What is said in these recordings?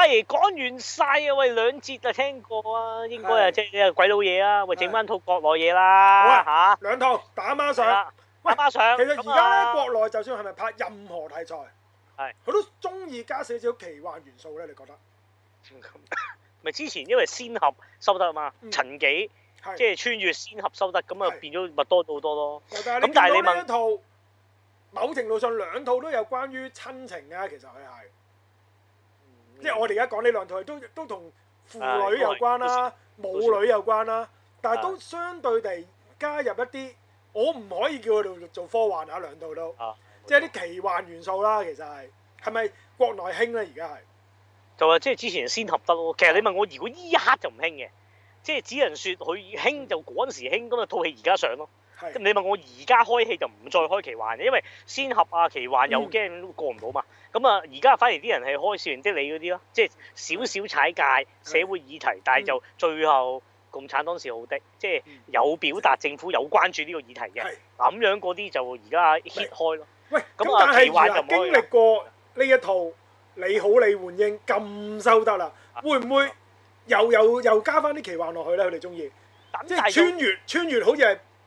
喂，講完晒啊！喂，兩節就聽過啊，應該啊，即係鬼佬嘢啦，喂，整翻套國內嘢啦，吓，兩套打孖上，孖上。其實而家咧，國內就算係咪拍任何題材，係，佢都中意加少少奇幻元素咧，你覺得？唔敢，咪之前因為仙俠收得啊嘛，陳幾即係穿越仙俠收得，咁啊變咗咪多咗好多咯。咁但係你問一套，某程度上兩套都有關於親情啊，其實佢係。即係我哋而家講呢兩套都都同父女有關啦、母女有關啦，但係都相對地加入一啲我唔可以叫佢做做科幻啊兩套都，即係啲奇幻元素啦，其實係係咪國內興咧而家係？就係即係之前先合得咯，其實你問我如果依一刻就唔興嘅，即係只能說佢興就嗰陣時興，咁啊套戲而家上咯。你問我而家開戲就唔再開奇幻，因為先合啊、奇幻又驚過唔到嘛。咁啊，而家反而啲人係開《少年的你》嗰啲咯，即係少少踩界社會議題，但係就最後共產黨係好啲，即係有表達政府有關注呢個議題嘅。咁樣嗰啲就而家 hit 開咯。喂，咁但係經歷過呢一套《你好，李煥英》咁收得啦，會唔會又又又加翻啲奇幻落去咧？佢哋中意即係穿越穿越，好似係。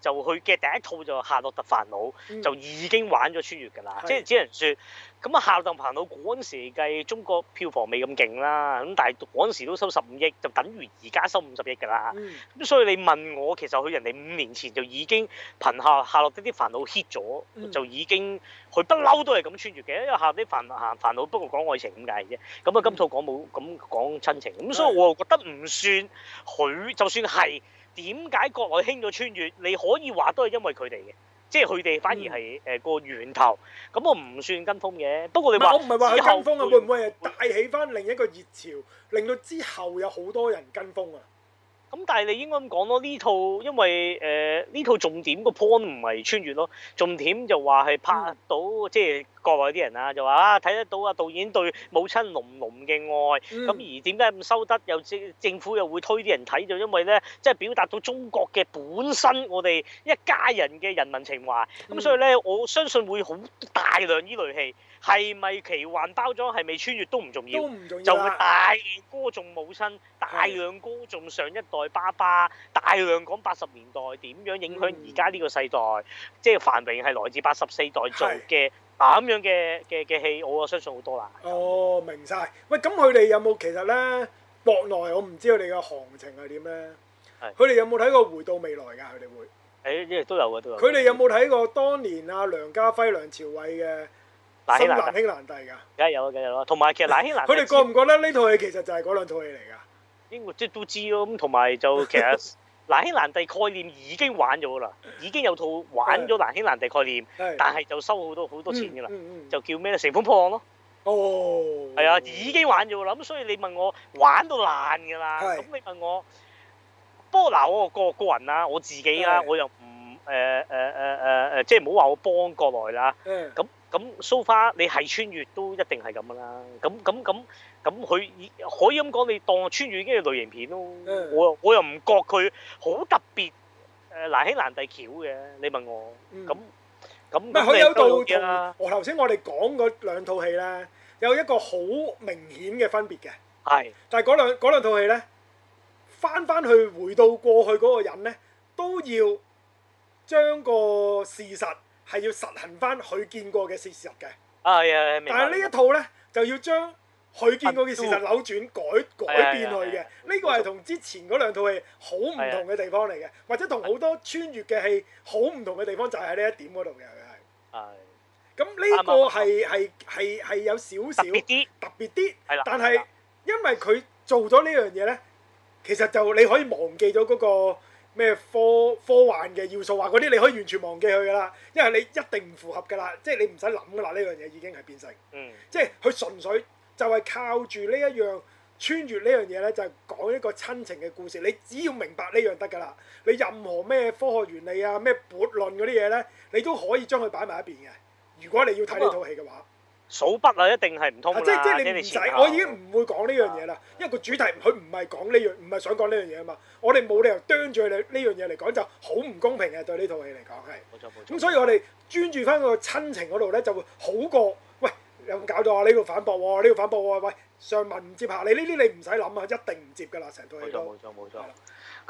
就佢嘅第一套就《夏洛特煩惱》，就已經玩咗穿越㗎啦。即係只能說，咁啊《夏洛特煩惱》嗰陣時計中國票房未咁勁啦。咁但係嗰陣時都收十五億，就等於而家收五十億㗎啦。咁所以你問我，其實佢人哋五年前就已經《憑下夏洛特啲煩惱》hit 咗，就已經佢不嬲都係咁穿越嘅。因為《夏洛特煩夏煩惱》不過講愛情咁解啫。咁啊今套講冇咁講親情，咁所以我又覺得唔算佢，就算係。點解國內興咗穿越？你可以話都係因為佢哋嘅，即係佢哋反而係誒個源頭。咁、嗯、我唔算跟風嘅，不過你話，我唔係話佢跟風啊，會唔會係帶起返另一個熱潮，令到之後有好多人跟風啊？咁但係你應該咁講咯，呢套因為誒呢、呃、套重點個 point 唔係穿越咯，重點就話係拍到、嗯、即係國內啲人啊，就話啊睇得到啊導演對母親濃濃嘅愛，咁、嗯、而點解咁收得又政府又會推啲人睇就因為咧，即係表達到中國嘅本身我哋一家人嘅人民情懷，咁所以咧、嗯、我相信會好大量呢類戲。係咪奇幻包裝？係咪穿越都唔重要，都唔重要，就會大量歌頌母親，大量歌頌上一代爸爸，大量講八十年代點樣影響而家呢個世代，即係繁榮係來自八十四代做嘅咁樣嘅嘅嘅戲，我啊相信好多啦。哦，明晒！喂，咁佢哋有冇其實咧，國內我唔知道佢哋嘅行情係點咧？係佢哋有冇睇過《回到未來》噶？佢哋會誒，都有嘅都有。佢哋有冇睇過當年阿梁家輝、梁朝偉嘅？難兄難難兄難弟噶，梗係有啦，梗係有啦。同埋其實難兄難弟，佢哋覺唔覺得呢套戲其實就係嗰兩套戲嚟噶？英國即係都知咯。咁同埋就其實難兄難弟概念已經玩咗啦，已經有套玩咗難兄難弟概念，但係就收好多好多錢噶啦，就叫咩咧？乘風破浪咯。哦，係啊，已經玩咗啦。咁所以你問我玩到爛噶啦。咁你問我，不過嗱，我個個人啊，我自己啊，我又唔誒誒誒誒誒，即係唔好話我幫過來啦。咁。咁蘇花你係穿越都一定係咁噶啦，咁咁咁咁佢可以咁講，你當穿越已經係類型片咯。我、嗯、我又唔覺佢好特別誒、呃、難兄難弟橋嘅，你問我。咁咁，佢有度嘅。啊、我頭先我哋講嗰兩套戲咧，有一個好明顯嘅分別嘅。係是的。但係嗰兩套戲咧，返返去回到過去嗰個人咧，都要將個事實。係要實行翻佢見過嘅事實嘅。係啊，但係呢一套呢就要將佢見過嘅事實扭轉，改改變佢嘅。呢個係同之前嗰兩套係好唔同嘅地方嚟嘅，或者同好多穿越嘅戲好唔同嘅地方就係喺呢一點嗰度嘅，係。係。咁呢個係係係係有少少特別啲，特別啲。係啦。但係因為佢做咗呢樣嘢呢，其實就你可以忘記咗嗰個。咩科科幻嘅要素啊，啊嗰啲你可以完全忘記佢噶啦，因為你一定唔符合噶啦，即係你唔使諗噶啦，呢樣嘢已經係變成，嗯、即係佢純粹就係靠住呢一樣穿越樣呢樣嘢咧，就係、是、講一個親情嘅故事。你只要明白呢樣得噶啦，你任何咩科學原理啊、咩悖論嗰啲嘢咧，你都可以將佢擺埋一邊嘅，如果你要睇呢套戲嘅話。嗯數筆啊，一定係唔通㗎啦！即係即係你唔使，我已經唔會講呢樣嘢啦。因為個主題佢唔係講呢樣，唔係想講呢樣嘢啊嘛。我哋冇理由啄住呢呢樣嘢嚟講，就好唔公平嘅對呢套戲嚟講係。冇錯冇錯。咁所以我哋專注翻個親情嗰度咧，就會好過。喂，有冇搞到我呢個反駁喎？呢個反駁喎？喂，上文唔接下你呢啲，你唔使諗啊，一定唔接㗎啦，成套戲都。冇錯冇錯冇錯。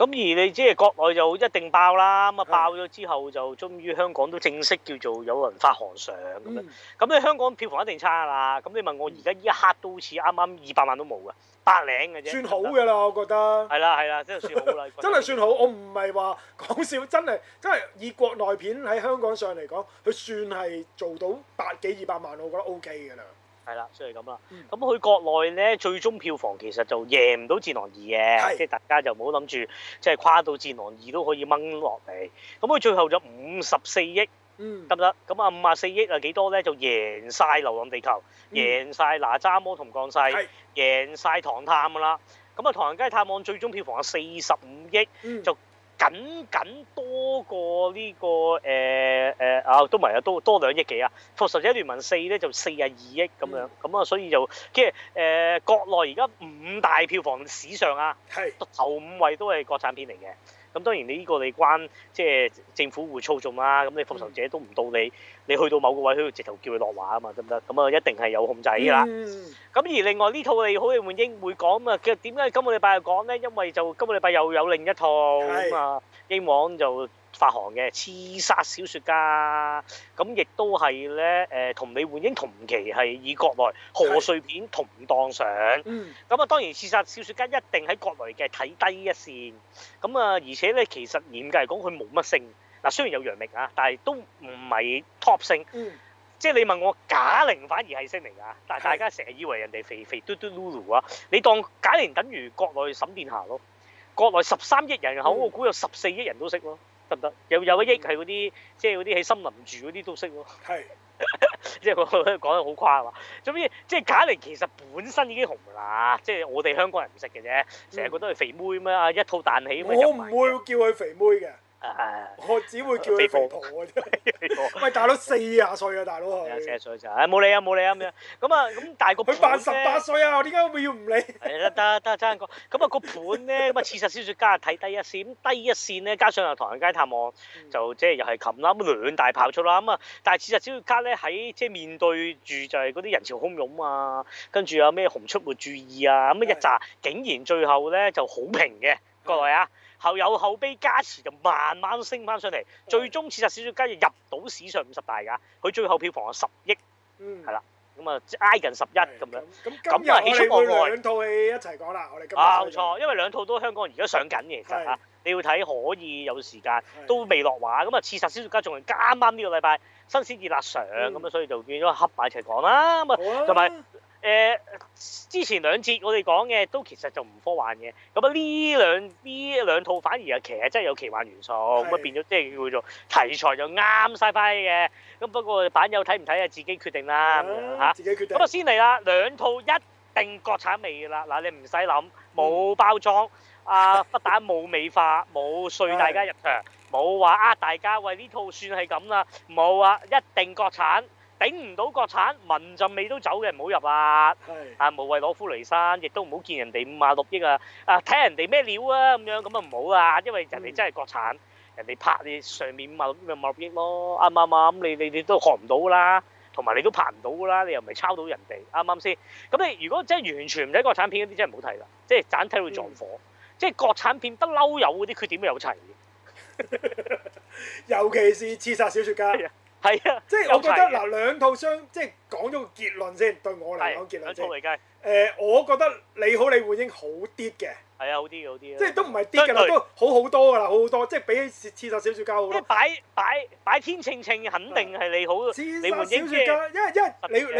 咁而你即係國內就一定爆啦，咁啊爆咗之後就終於香港都正式叫做有人發行上咁、嗯、樣。咁你香港票房一定差啦。咁你問我而家一刻都好似啱啱二百萬都冇噶，八零嘅啫。算好嘅啦，對對我覺得。係啦係啦，啦，真係算好啦。 真係算好，我唔係話講笑，真係真係以國內片喺香港上嚟講，佢算係做到百幾二百萬，我覺得 O K 嘅啦。係啦，所以咁啦。咁佢、嗯、國內咧最終票房其實就贏唔到《戰狼二》嘅是，即係大家就唔好諗住即係跨到《戰狼二》都可以掹落嚟。咁佢最後就五十四億，得唔得？咁啊五啊四億啊幾多咧？就贏晒《流浪地球》嗯，贏晒《哪吒魔童降世》是，贏晒《唐探》噶啦。咁啊《唐人街探案》最終票房係四十五億，嗯、就。僅僅多過呢、呢個誒誒、呃、啊，都唔係啊，多多兩億幾啊，《復仇者聯盟四》咧就四十二億咁樣，咁啊，所以就即係誒國內而家五大票房史上啊，是頭五位都係國產片嚟嘅。咁當然你依、這個你關即係、就是、政府會操縱啦，咁你復仇者都唔到你，你去到某個位佢要直頭叫佢落畫啊嘛，得唔得？咁啊一定係有控制㗎啦。咁、嗯、而另外呢套你好，李煥英會講咁啊，其實點解今個禮拜又講咧？因為就今個禮拜又有另一套啊是、嗯、英皇就。發行嘅《刺殺小説家》，咁亦都係咧誒同李煥英同期，係以國內賀歲片同檔上。咁啊，當然《刺殺小説家》一定喺國內嘅睇低一線。咁啊，而且咧，其實嚴格嚟講，佢冇乜星嗱。雖然有楊冪啊，但係都唔係 top 星。即係你問我，賈玲反而係星嚟㗎，但係大家成日以為人哋肥肥嘟嘟碌碌啊。你當賈玲等於國內沈殿霞咯？國內十三億人口，我估有十四億人都識咯。得唔得？有有一億係嗰啲，嗯、即係嗰啲喺森林住嗰啲都識咯、啊。係是， 即係佢講得好誇話。總之，即係賈玲其實本身已經紅啦，即係我哋香港人唔識嘅啫，成日覺得佢肥妹咁樣，嗯、一套彈起咁、嗯、我唔會叫佢肥妹嘅。啊、我只會叫佢肥婆啊！真係飛飛，唔係大佬四十歲啊！大佬四十歲就，誒冇、 哎、理啊冇理啊咁樣。咁啊咁大個盤佢八十八歲啊！我點解會要唔理？係得得得，真係講。咁啊個盤咧咁啊，刺殺小説家睇低一線，低一線咧，加上又唐人街探案，就即係又係冚啦，咁兩大炮出啦，咁啊，但係刺殺小説家咧喺即係面對住就係嗰啲人潮洶湧啊，跟住有咩熊出沒注意啊，咁、嗯、一紮，竟然最後咧就好平嘅各位啊！嗯後有口碑加持就慢慢升翻上嚟，最終《刺殺小説家》要入到史上五十大㗎，佢最後票房係十億，係啦、嗯，咁啊挨近十一咁樣，咁啊起出個咁今日我哋會兩套戲一齊講啦，我哋今日啊冇錯，因為兩套都香港人而家上緊嘅，其實吓的、啊、你要睇可以有時間的都未落畫，咁啊《刺殺小説家》仲係啱啱呢個禮拜新鮮熱辣上，咁啊、嗯、所以就變咗合埋一齊講啦，咁啊同埋。誒之前兩節我哋講嘅都其實就唔科幻嘅，咁啊呢兩呢兩套反而其實啊，真係有奇幻元素，咁啊變咗即係叫做題材就啱曬翻嘅。咁不過版友睇唔睇啊？自己決定啦嚇。自己決定。咁啊先嚟啦，兩套一定國產味嘅啦。嗱，你唔使諗，冇包裝，啊不但冇美化，冇碎大家入場，冇話啊大家喂，呢套算係咁啦，冇啊，一定國產。頂唔到國產，聞陣味都走嘅，唔好入啦。的啊，無謂攞夫離山，亦都唔好見人哋五啊六億啊。啊，睇人哋咩料啊咁樣，咁啊唔好啊，因為人哋真係國產，嗯、人哋拍你上面五啊六億咪六億咯，啱唔啱？咁、嗯嗯、你你你，你都學唔到啦，同埋你都拍唔到啦，你又唔係抄到人哋，啱啱先？咁、嗯、你、嗯、如果真係完全唔睇國產片嗰啲，真係唔好睇啦，即係盞睇會撞火。即係、嗯、國產片不嬲有嗰啲缺點，都有齊， 尤其是刺殺小説家。 係啊，即係我覺得嗱，兩套相即係講咗個結論先，對我嚟講是結論先。兩、嗯、我覺得你好李煥英好啲嘅。係啊，好啲好啲即係都唔係啲㗎啦，對都好好多㗎啦，好好多，即係比起刺刺殺小説家好。即係擺擺擺，擺天秤秤，肯定係你好。刺殺小説家，因為因為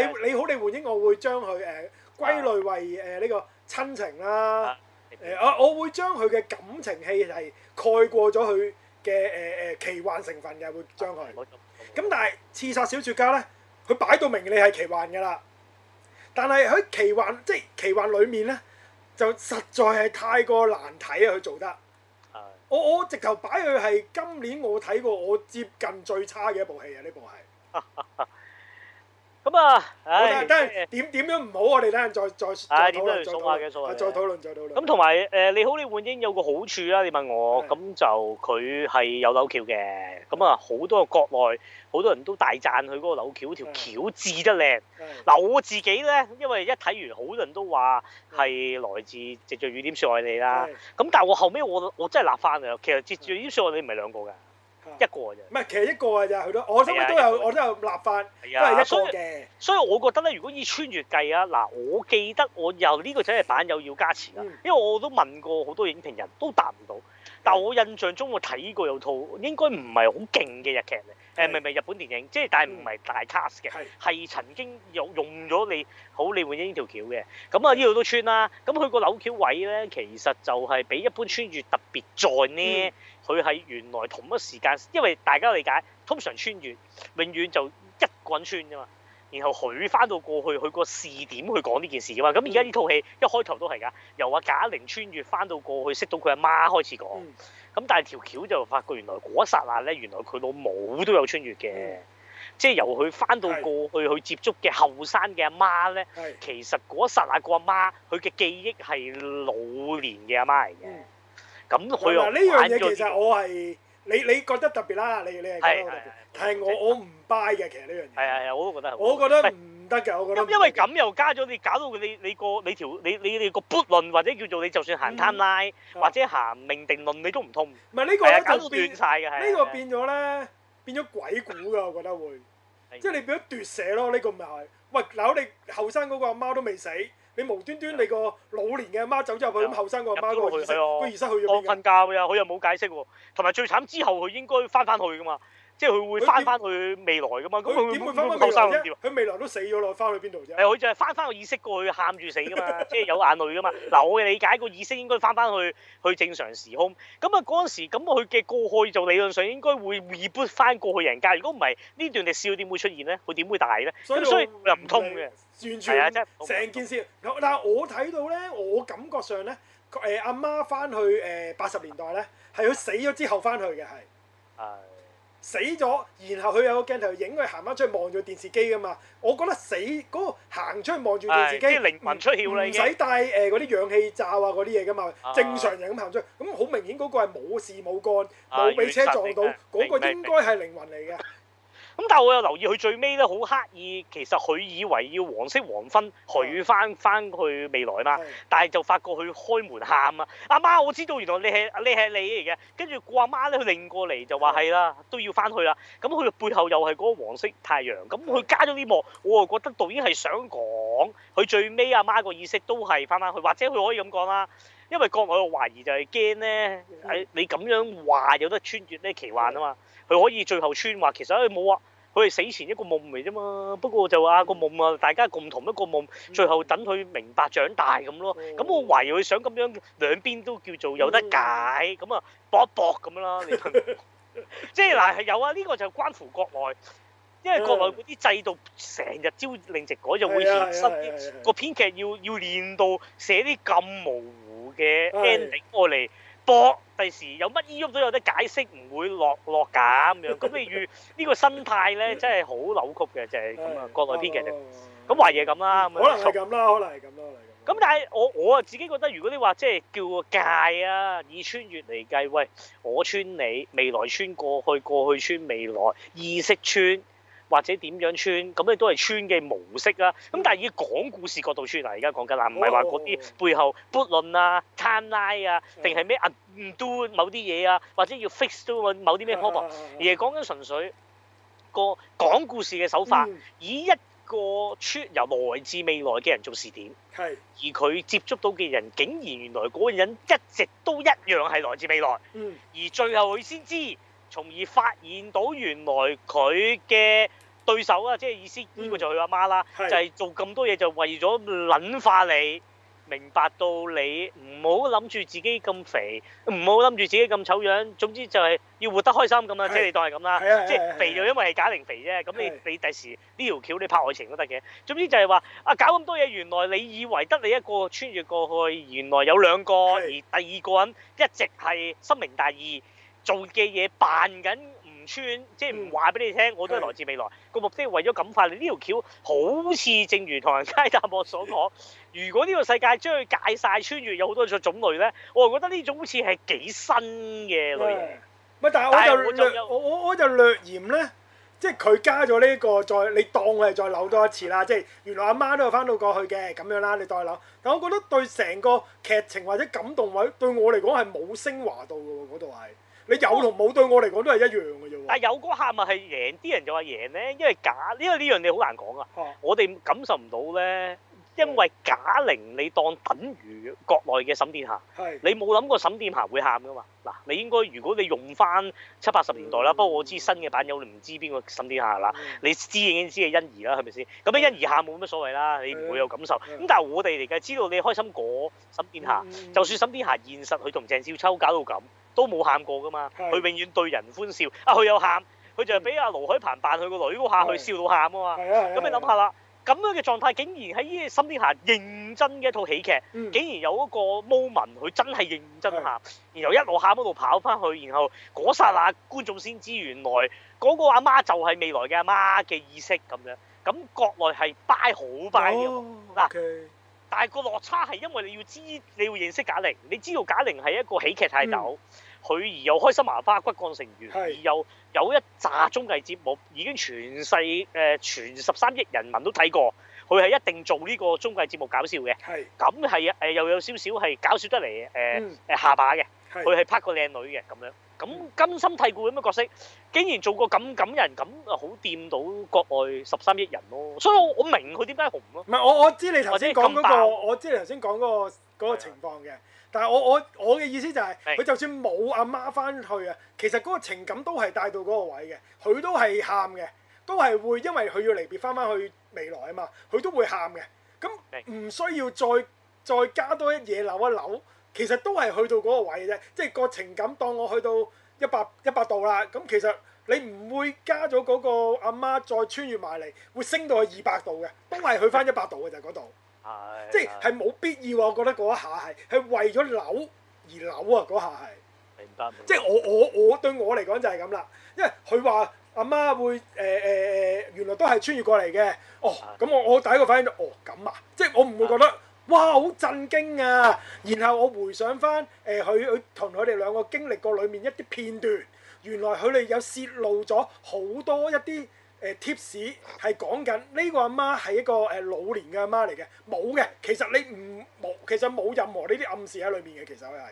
你你你好李煥英，我會將佢誒歸類為誒呢個親情啦。啊。我、啊啊、我會將佢嘅感情戲係蓋過咗佢。嘅誒誒奇幻成分嘅會將佢，咁、嗯、但係《刺殺小說家》咧，佢擺到明你係奇幻㗎啦，但係喺奇幻即係奇幻裡面咧，就實在係太過難睇啊！佢做得，嗯、我我直頭擺佢係今年我睇過我接近最差嘅一部戲啊！呢部係。 咁啊，唉，等下點點樣唔好我哋睇下再再，係點樣送下嘅再討論再討論。咁同埋誒，你好李煥英有個好處啦，你問我，咁就佢係有扭橋嘅，咁啊好多國內好多人都大讚佢嗰個扭橋條橋字得靚。嗱我自己咧，因為一睇完好多人都話係來自《藉著雨點說愛你》啦，咁但係我後尾，我我真係立翻嚟。其實《藉著雨點說愛你》唔係兩個嘅。一個㗎啫，唔係其實一個㗎咋，佢都我心裡都有，啊、我都有立返，都係一個嘅，啊。所以我覺得咧，如果以穿越計啊，嗱，我記得我又呢、呢個仔係版友要加錢啦，嗯、因為我都問過好多影評人都答唔到，但我印象中我睇過有套應該唔係好勁嘅日劇嘅。誒唔係唔係日本電影，即係但係唔係大 cast 嘅，係、嗯、曾經有用咗你好李煥英呢條橋嘅，咁啊呢度都穿啦，咁佢個扭橋位咧，其實就係比一般穿越特別在呢，佢喺、嗯、原來同一時間，因為大家理解通常穿越永遠就一個人穿㗎嘛，然後佢翻到過去，佢個視點去講呢件事㗎嘛，咁而家呢套戲一開頭都係㗎，由阿賈玲穿越翻到過去識到佢阿媽開始講。嗯咁但係條橋就發覺原來嗰剎那咧，原來佢老母都有穿越嘅，即係由佢翻到過去去是接觸嘅後生嘅阿媽咧，是其實嗰剎那個阿媽，佢嘅記憶係老年嘅阿媽嚟嘅。咁佢又，呢樣嘢其實我係你你覺得特別啦，你你係覺得特別，但係我我唔 buy 嘅，其實呢樣嘢。係係，我都覺得好。我覺得因因為咁又加咗你，搞到你你個你條你你你個撥論或者叫做你就算行攤拉或者行命定論你都唔通。唔係呢個咧就變呢個變咗咧變咗鬼故噶，我覺得會，即係你變咗奪舍咯。呢個咪係。喂，嗱，你後生嗰個阿媽都未死，你無端端你個老年嘅阿媽走咗入去咁後生個阿媽個浴室，個浴室去咗，我瞓覺呀，佢又冇解釋喎，同埋最慘之後佢應該返返去噶嘛。即係佢會翻翻去未來噶嘛？咁佢點會翻翻去？佢未，未，未來都死咗咯，翻去邊度啫？佢就係翻翻個意識過去喊住死噶嘛， 即係有眼淚噶嘛。嗱，我嘅理解個意識應該翻翻去去正常時空。咁啊，嗰陣時咁佢嘅過去就理論上應該會回 e b 翻過去人家。如果唔係呢段嘅笑點會出現咧，佢點會大咧？咁所以又唔通嘅，完全啊！即成件事。但係我睇到咧，我感覺上咧，誒阿媽翻去誒八十年代咧，係佢死咗之後翻去嘅，係。係、啊。死咗，然後佢有個鏡頭影佢行翻出去望住電視機噶嘛，我覺得死嗰、嗰個行出去望住電視機嘅、哎呃、靈魂出竅、嘛，唔使帶誒嗰啲氧氣罩啊嗰啲嘢噶嘛，正常人咁行出去，咁好明顯嗰個係冇事冇干，冇俾、啊、車撞到，嗰、呃、個應該係靈魂嚟嘅。 咁但係我又留意佢最尾咧，好刻意，其實佢以為要黃色黃昏，佢翻翻去未來啊嘛，的但係就發覺佢開門喊啊，阿媽的，我知道原來你係你係你嚟嘅，跟住阿媽咧，佢擰過嚟就話係啦，都要翻去啦。咁佢背後又係嗰個黃色太陽，咁佢的加咗啲幕，我啊覺得導演係想講，佢最尾阿媽個意識都係翻返去，或者佢可以咁講啦，因為國內我懷疑就係驚咧，喺的你咁樣話有得穿越呢奇幻啊嘛。佢可以最後穿話其實誒冇啊，佢係死前一個夢嚟啫嘛。不過就話個夢啊，大家共同一個夢，最後等佢明白長大咁咯。咁我懷疑佢想咁樣兩邊都叫做有得解咁啊，搏一搏咁樣啦。即係嗱係有啊，呢個就關乎國內，因為國內嗰啲制度成日朝令夕改，就會衍生啲個編劇要要練到寫啲咁模糊嘅 ending 嚟。搏第時有乜依喐都有得解釋，唔會落落架咁樣。咁譬如呢個生態咧，真係好扭曲嘅， 就係咁啊！國內編劇，咁話嘢咁啦。哦哦哦、可能係咁啦，嗯、可能係咁啦，咁。但係我我啊自己覺得，如果你話即係叫個界啊，以穿越嚟計，喂，我穿你，未來穿過去，過去穿未來，意識穿。或者點樣穿咁你都係穿嘅模式啊。咁但係以講故事角度穿嚟，而家講緊嗱，唔係話嗰啲背後 bullet、哦哦哦哦、啊、timeline 啊，定係咩啊唔 do 某啲嘢啊，或者要 fix 都某啲咩 problem。而係講緊純粹個講故事嘅手法，嗯、以一個出由來自未來嘅人做視點，係是而佢接觸到嘅人，竟然原來嗰個人一直都一樣係來自未來，嗯、而最後佢先知，從而發現到原來佢嘅。對手啊，即係意思呢個就係佢阿媽啦，嗯、就係做咁多嘢就為咗諗化你，明白到你唔好諗住自己咁肥，唔好諗住自己咁醜樣，總之就係要活得開心咁是啦，即係你當係咁啦，即係肥就因為係假定肥啫，咁你的你第時呢條橋你拍愛情都得嘅，總之就係話啊搞咁多嘢，原來你以為得你一個穿越過去，原來有兩個，的而第二個人一直係深明大義做嘅嘢扮緊。穿、嗯、即係唔話俾你聽，我都係來自未來個的目的係為咗感化你。呢條橋好似正如唐人街探案所講， 如果呢個世界將佢界晒，穿越，有好多種類咧，我覺得呢種好似係幾新嘅類型。唔係、嗯，但係我就略，我我我就略嫌咧，即係佢加咗呢、這個，再你當佢係再扭多一次啦。即係原來阿媽，媽都有翻到過去嘅咁樣啦，你再扭。但我覺得對成個劇情或者感動位，對我嚟講係冇升華到嘅喎，嗰度係。你有同冇對我嚟講都係一樣嘅啫喎。但係有嗰喊咪係贏，啲人就話贏咧，因為假，因為呢樣嘢好難講啊。我哋感受唔到咧，因為賈玲你當等於國內嘅沈殿霞，你冇諗過沈殿霞會喊噶嘛？嗱，你應該如果你用翻七八十年代啦，不過我知新嘅版友你唔知邊個沈殿霞啦，你知已經知係欣宜啦，係咪先？咁樣欣宜喊冇乜所謂啦，你唔會有感受。咁但係我哋嚟嘅知道你開心過沈殿霞，就算沈殿霞現實佢同鄭少秋搞到咁，都冇喊過㗎嘛，佢是永遠對人歡笑。啊，佢有喊，佢就係俾阿盧海鵬扮佢個女嗰下，佢是笑到喊啊嘛。咁你諗下啦，咁樣嘅狀態竟然喺《呢心天下認真嘅一套喜劇，嗯、竟然有嗰個 moment，佢真係認真喊，的然後一路喊一路跑翻去，然後嗰剎那，那觀眾先知原來嗰、那個阿媽就係未來嘅阿媽嘅意識咁樣。咁國內係掰好掰嘅 y 嗱，但係個落差係因為你要知，你要認識賈玲，你知道賈玲係一個喜劇泰斗。嗯嗯佢而又開心麻花骨幹成員，的而又有一紮綜藝節目，已經全世誒全十三億人民都睇過，佢係一定做呢個綜藝節目搞笑嘅。係咁，係啊又有少少係搞笑得嚟誒誒下巴嘅，佢係的拍個靚女嘅咁樣，咁根深蒂固咁嘅角色，竟然做個咁感人咁啊，好掂到國外十三億人咯，所以我我明佢點解紅咯。唔係、嗯嗯嗯、我我知你頭先講嗰個，我知你頭先講嗰個嗰個情況嘅。嗯但係我我我嘅意思就係佢就算冇阿媽翻去啊，其實嗰個情感都係帶到嗰個位嘅，佢都係喊嘅，都係會因為佢要離別翻翻去未來啊嘛，佢都會喊嘅。咁唔需要再再加多一嘢扭一扭，其實都係去到嗰個位嘅啫，即係個情感當我去到一百一百度啦。咁其實你唔會加咗嗰個阿媽再穿越埋嚟，會升到去二百度嘅，都係去翻一百度嘅就係嗰度。即係冇必要我覺得嗰一下係，係為咗扭而扭啊！嗰下係，明白。即係我我我對我嚟講就係咁啦，因為佢話阿媽會誒誒、呃呃、原來都係穿越過嚟嘅。哦，咁我我第一個反應就，哦咁啊！即係我唔會覺得，啊、哇好震驚啊！然後我回想返誒佢佢同佢哋兩個經歷過裡面一啲片段，原來佢哋有泄露咗好多一啲。誒，貼士係講緊呢個阿媽係一個誒，老年嘅阿媽嚟嘅，冇嘅。其實你唔冇，其實冇任何呢啲暗示喺裏面嘅，其實係。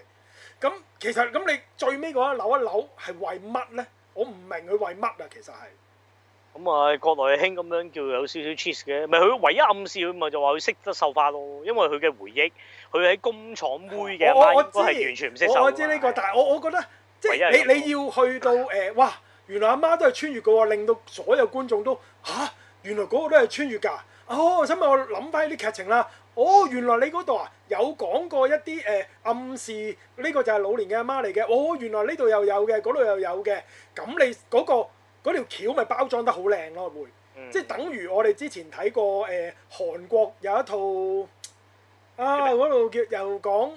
咁其實咁你最尾嗰一扭一扭係為乜咧？我唔明佢為乜啊，其實係。咁啊，國內係興咁樣叫有少少 cheese 嘅，咪佢唯一暗示佢咪就話佢識得繡花咯，因為佢嘅回憶，佢喺工廠妹嘅阿媽都係完全唔識繡花。我知呢個，但係我我覺得即係你你要去到誒，哇！原來阿媽，媽都係穿越過喎，令到所有觀眾都嚇、啊，原來嗰個都係穿越㗎。哦，想問我諗翻啲劇情啦，哦，原來你嗰度啊有講過一啲誒、呃、暗示，呢、這個就係老年嘅阿媽嚟嘅。哦，原來呢度又有嘅，嗰度又有嘅。咁你嗰、那個嗰、那個、條橋咪包裝得好靚咯，會，嗯、即係等於我哋之前睇過誒、呃、韓國有一套啊嗰度叫又講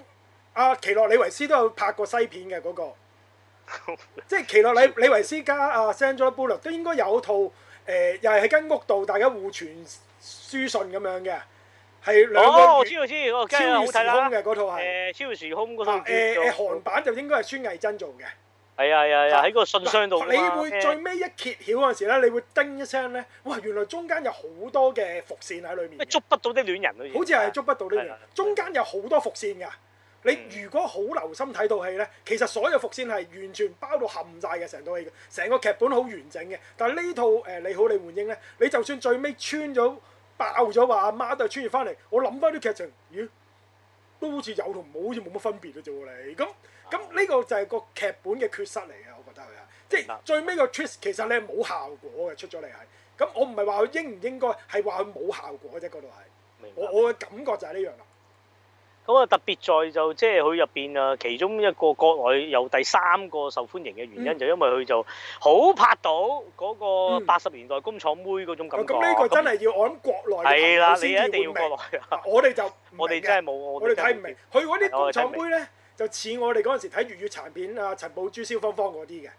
阿、啊、奇洛李維斯都有拍過西片嘅嗰、那個。即係 奇洛李李維斯加珊迪娜寶洛都應該有套誒、呃，又係喺間屋度大家互傳書信咁樣嘅，係兩個超時空嘅嗰套係、哦。超時空嗰套誒、啊呃呃、韓版就應該係孫藝珍做嘅。係啊係啊，喺、啊啊、個信箱度、啊、你會最尾一揭曉嗰陣時咧，你會叮一聲咧，哇！原來中間有好多嘅伏線喺裏面。捉不到啲戀人好似係捉不到呢邊，啊、中間有好多伏線㗎。你如果好留心睇套戲咧，其實所有伏線係完全包到冚晒嘅，成套戲，成個劇本好完整嘅。但係呢套誒、呃、你好李煥英咧，你就算最尾穿咗、爆咗話阿媽都係穿越翻嚟，我諗翻啲劇情，咦，都好似有同冇好似冇乜分別嘅啫喎，你咁，咁呢個就係個劇本嘅缺失嚟嘅，我覺得佢係即係、嗯、最尾個 twist 其實你係冇效果嘅出咗嚟係。咁我唔係話佢應唔應該，係話佢冇效果啫嗰度係。明。我我嘅感覺就係呢樣啦。咁啊，特別在就即係佢入邊啊，其中一個國內有第三個受歡迎嘅原因，就、嗯、因為佢就好拍到嗰個八十年代工廠妹嗰種感覺。咁呢、嗯、個真係要我諗國內嘅人先至會明係啦，你一定要國內啊！我哋就我哋真係冇，我哋睇唔明。佢嗰啲工廠妹咧，就似我哋嗰陣時睇粵語殘片啊，陳寶珠、蕭芳芳嗰啲嘅。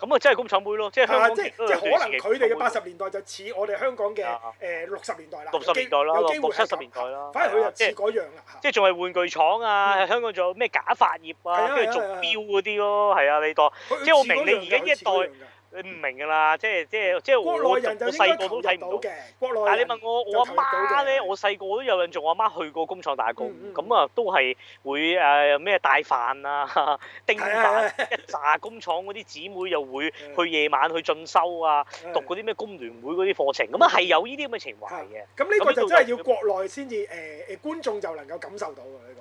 咁啊，真係工廠妹咯，即係香港，即即可能佢哋嘅八十年代就似我哋香港嘅誒六十年代啦，六十年代啦，六七十年代啦，反而佢就似嗰樣，即係仲係玩具廠啊，香港仲有咩假髮業啊，跟住做表嗰啲咯，係啊呢個，即係我明你而家一代。你唔明㗎啦，即係即係即係國內人我細個都睇唔到嘅。國內但係你問我我阿媽咧，我細個都有人做。我阿媽，媽去過工廠打工，咁、嗯、啊都係會誒咩、呃、帶飯啊，叮飯、啊、一紮工廠嗰啲姊妹又會去夜晚去進修啊，啊讀嗰啲咩工聯會嗰啲課程，咁啊係有呢啲咁嘅情懷嘅。咁呢、啊、個就真係要國內先至誒誒觀眾就能夠感受到嘅呢、呢個。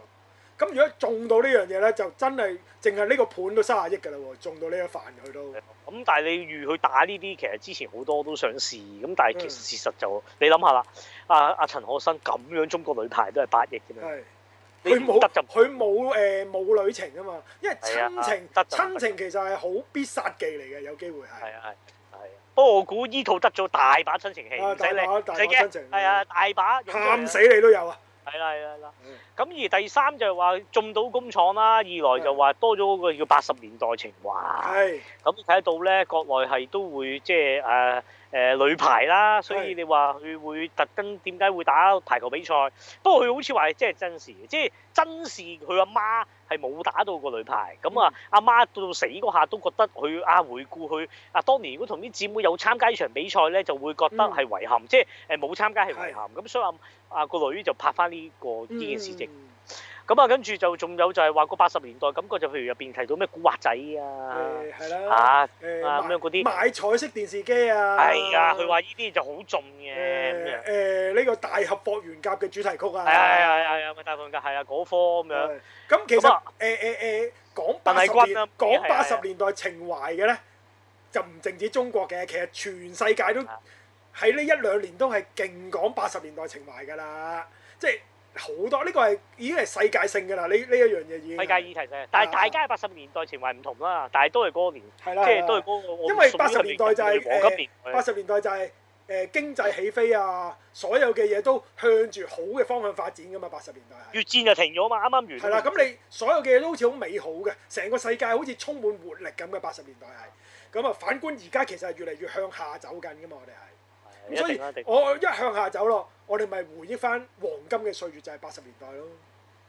咁如果中到呢樣嘢咧，就真係淨係呢個盤都卅億㗎啦喎，中到呢一飯佢都。咁但係你預佢打呢啲，其實之前好多都想試，咁但係其實事實就你諗下啦，阿阿陳可辛咁樣中國女排都係八億㗎嘛。佢冇特就佢冇誒母女情啊嘛，因為親情特親情其實係好必殺技嚟嘅，有機會係。係啊係。不過我估依套得咗大把親情戲。大把大把親情。係啊，大把。喊死你都有啊！係啦，係啦，咁而第三就係話中到工廠啦，二來就話多咗嗰個叫八十年代情懷。係。咁睇到咧，國內係都會即係誒誒女排啦，所以你話佢會特登點解會打排球比賽，不過佢好似話即係真事，即係真事，佢阿媽。係冇打到個女排，咁啊阿，嗯啊，媽到死嗰下都覺得佢啊回顧佢啊當年如果同啲姊妹有參加呢場比賽咧，就會覺得係遺憾，嗯，即係誒冇參加係遺憾，咁是所以阿啊，啊個女就拍翻呢個呢件事情。嗯咁啊，跟住就仲有就係話個八十年代感覺，就譬如入邊提到咩古惑仔啊，係啦，啊，咁樣嗰啲買彩色電視機啊，係啊，佢話呢啲就好重嘅。誒，呢個《大俠霍元甲》嘅主題曲啊，係係係係，個大俠霍元甲係啊嗰科咁樣。咁其實誒誒誒講八十年講八十年代情懷嘅咧，就唔淨止中國嘅，其實全世界都喺呢一兩年都係勁講八十年代情懷㗎啦，即係。好多呢個係已經係世界性嘅啦，呢呢一樣嘢已經。世界議題啫，但係大家八十年代前後唔同啦，但係都係嗰個年，即係都係嗰個因為八十年代就係八十年代就係誒經濟起飛啊，所有嘅嘢都向住好嘅方向發展噶嘛，八十年代係越戰就停咗嘛，啱啱完。係啦，咁你所有嘅嘢都好似好美好嘅，成個世界好似充滿活力咁嘅，八十年代係。咁啊，反觀而家其實係越嚟越向下走緊噶嘛，我哋係。我一向下走咯，我哋咪回憶翻黃金嘅歲月，就係八十年代咯。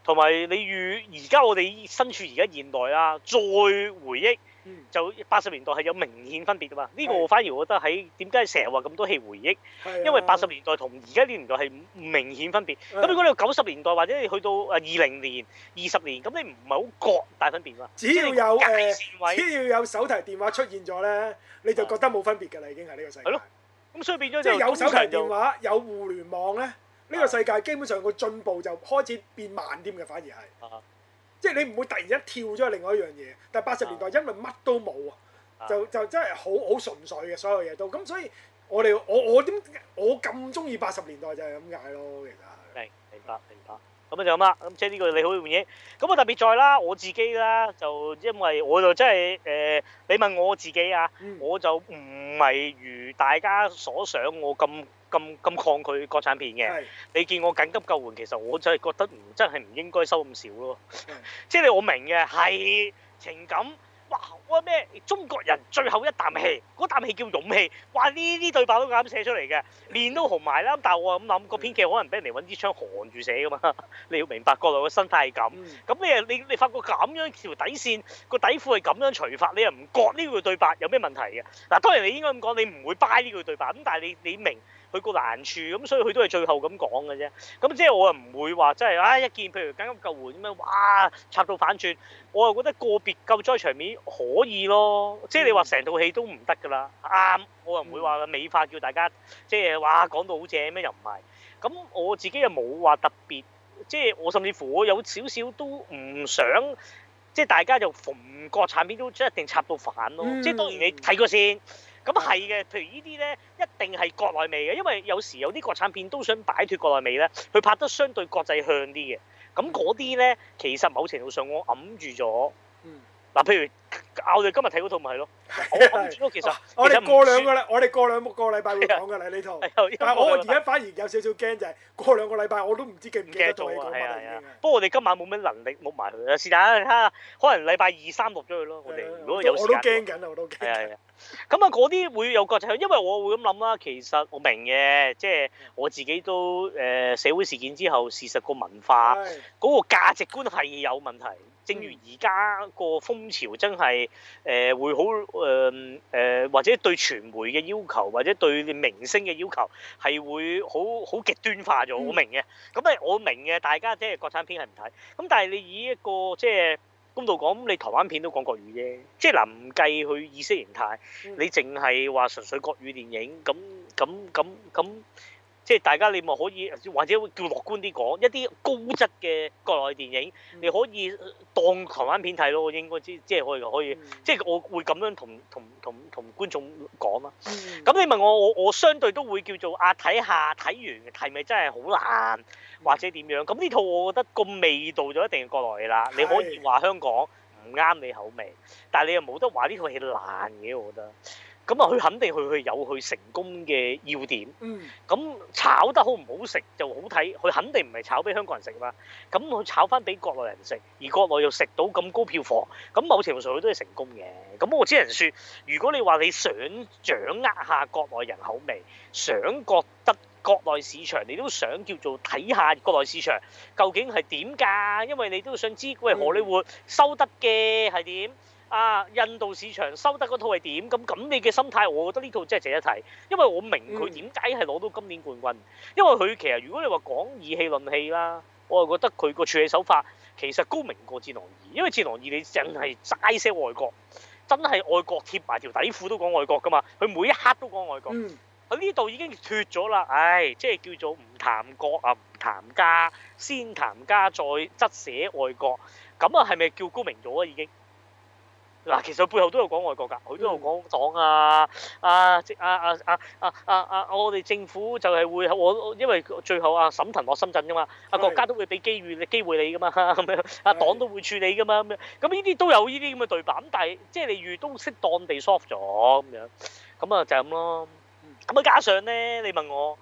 同埋你與而家我哋身處而家現代啊，再回憶、嗯、就八十年代係有明顯分別噶嘛？呢是個我反而覺得喺點解成日話咁多戲回憶，啊、因為八十年代同而家呢年代係明顯分別。咁、啊、如果你九十年代或者你去到啊二零年、二十年，咁你唔係好覺大分別嘛？只要有嘅，只要有手提電話出現咗咧，你就覺得冇分別㗎啦，已經係呢個世界。咁所以變咗即係有手提電話，有互聯網咧，呢、呢個世界基本上個進步就開始變慢啲嘅，反而係。Uh huh. 即係你唔會突然一跳咗去另外一樣嘢。但係八十年代因為乜都冇啊、uh huh.，就就真係好好純粹嘅所有嘢都。咁所以我哋我我點解我咁中意八十年代就係咁解咯，其實。明明白明白。明白。咁就咁啦，咁即係呢個你好容易。咁啊特別在啦，我自己啦，就因為我就真係誒，你問我自己啊，嗯、我就唔係如大家所想我，我咁咁咁抗拒國產片嘅。是的 你見我緊急救援，其實我真係覺得唔真係唔應該收咁少咯。即係你是的 我明嘅，係情感。哇！咩中國人最後一啖氣，嗰啖氣叫勇氣。哇！呢啲對白都夠膽寫出嚟嘅，面都紅埋啦。但係我咁諗，個編劇可能俾人揾支槍含住寫噶嘛。你要明白國內嘅生態係咁。咁咩？你你發覺咁樣條底線，個底褲係咁樣除法，你又唔覺呢句對白有咩問題嘅？嗱，當然你應該咁講，你唔會 buy 呢句對白。咁但係你你明。佢個難處咁，所以佢都係最後咁講嘅啫。咁即係我又唔會話即係啊！一見譬如緊急救援咁樣，哇，插到反轉。我又覺得個別救災場面可以咯，即係你話成套戲都唔得㗎啦。啱、啊，我又唔會話美化叫大家即係哇講到好正咩？又唔係。咁我自己又冇話特別，即係我甚至乎我有少少都唔想，即係大家就逢國產片都一定插到反咯。即係、嗯嗯、當然你睇過先。咁係嘅，譬如呢啲呢，一定係國內味嘅，因為有時有啲國產片都想擺脫國內味呢，佢拍得相對國際向啲嘅，咁嗰啲呢，其實某程度上我揞住咗，嗯嗱，譬如我哋今日睇嗰套咪係咯，我其實我哋過兩個啦，我哋過兩個禮拜會講噶啦呢套。但係我而家反而有少少驚，就係過兩個禮拜我都唔知記唔記得呢套。啊，不過我哋今晚冇咩能力冇埋佢，是但啦。睇下可能禮拜二三錄咗佢咯。我哋如果有時間，我都驚緊，我都驚。係啊。咁啊，嗰啲會有個就係因為我會咁諗啦。其實我明嘅，即係我自己都誒社會事件之後，事實個文化嗰個價值觀係有問題。正如而家個風潮真係誒會好誒誒，或者對傳媒嘅要求，或者對明星嘅要求係會好好極端化咗。明嗯、我明嘅咁誒，我明嘅大家即係國產片係唔睇咁，但係你以一個即係公道講，你台灣片都講國語啫，即係嗱唔計佢意識形態，你淨係話純粹國語電影咁咁咁咁。即係大家你咪可以或者會叫樂觀啲講，一啲高質嘅國內電影，嗯、你可以當台灣片睇咯。我應該知，即係可以可以，可以嗯、即係我會咁樣同同同同觀眾講啦。咁、嗯、你問我，我我相對都會叫做啊睇下睇完係咪真係好爛或者點樣？咁呢、嗯、套我覺得個味道就一定係國內啦。的你可以話香港唔啱你口味，但係你又冇得話呢套戲爛嘅，我覺得。咁啊，佢肯定佢佢有佢成功嘅要點。咁、嗯、炒得好唔好食就好睇。佢肯定唔係炒俾香港人食嘛。咁佢炒翻俾國內人食，而國內又食到咁高票房，咁某程度上佢都係成功嘅。咁我只能說，如果你話你想掌握下國內人口味，想覺得國內市場，你都想叫做睇下國內市場究竟係點㗎？因為你都想知喂，荷里活收得嘅係點。嗯啊！印度市場收得嗰套係點？咁咁你嘅心態，我覺得呢套真係值得睇，因為我明佢點解係攞到今年冠軍。因為佢其實如果你話講義氣論氣啦，我係覺得佢個處理手法其實高明過戰狼二，因為戰狼二你淨係齋寫愛國，真係愛國貼埋條底褲都講愛國㗎嘛。佢每一刻都講愛國，佢呢度已經脫咗啦。唉、哎，即係叫做唔談國啊，唔談家，先談家再側寫愛國，咁啊係咪叫高明咗啊？已經。嗱，其實背後都有講外國噶，佢都有講黨啊啊啊啊啊啊啊！我哋政府就係會我，因為最後啊，沈騰落深圳噶嘛，啊國家都會俾機遇機會你噶嘛，咁樣啊黨都會處理噶嘛，咁樣咁呢啲都有呢啲咁嘅對白，咁但係即係你遇都適當地 soft 咗咁樣，咁啊就係咁咯。咁啊加上咧，你問我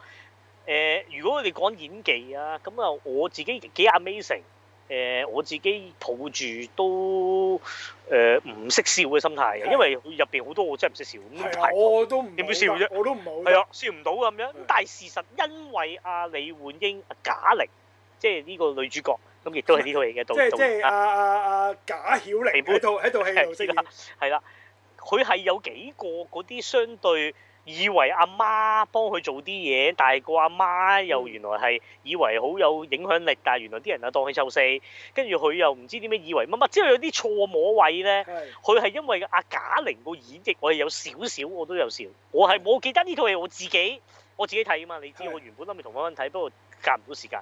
誒，如果佢哋講演技啊，咁啊我自己幾 amazing。誒我自己抱住都誒唔識笑嘅心態，是的 因為入邊好多我真係唔識笑咁。係的，但我都唔點樣笑啫，我都唔好。係啊，笑唔到咁樣。是的 但係事實因為阿李煥英、阿賈玲，即係呢個女主角，咁亦都係呢套戲嘅導演即係即係阿賈曉玲喺套喺套戲度飾演係啦，佢係有幾個嗰啲相對。以為阿媽幫佢做啲嘢，但係個阿媽又原來係以為好有影響力，但係原來啲人啊當佢臭四，跟住佢又唔知啲咩以為乜乜，即係有啲錯摸位咧。佢係是因為阿賈玲個演繹，我係有少少，我都有少，我係冇記得呢套戲我自己我自己睇啊嘛，你知我原本諗住同分分我媽睇，不過，夾唔到時間，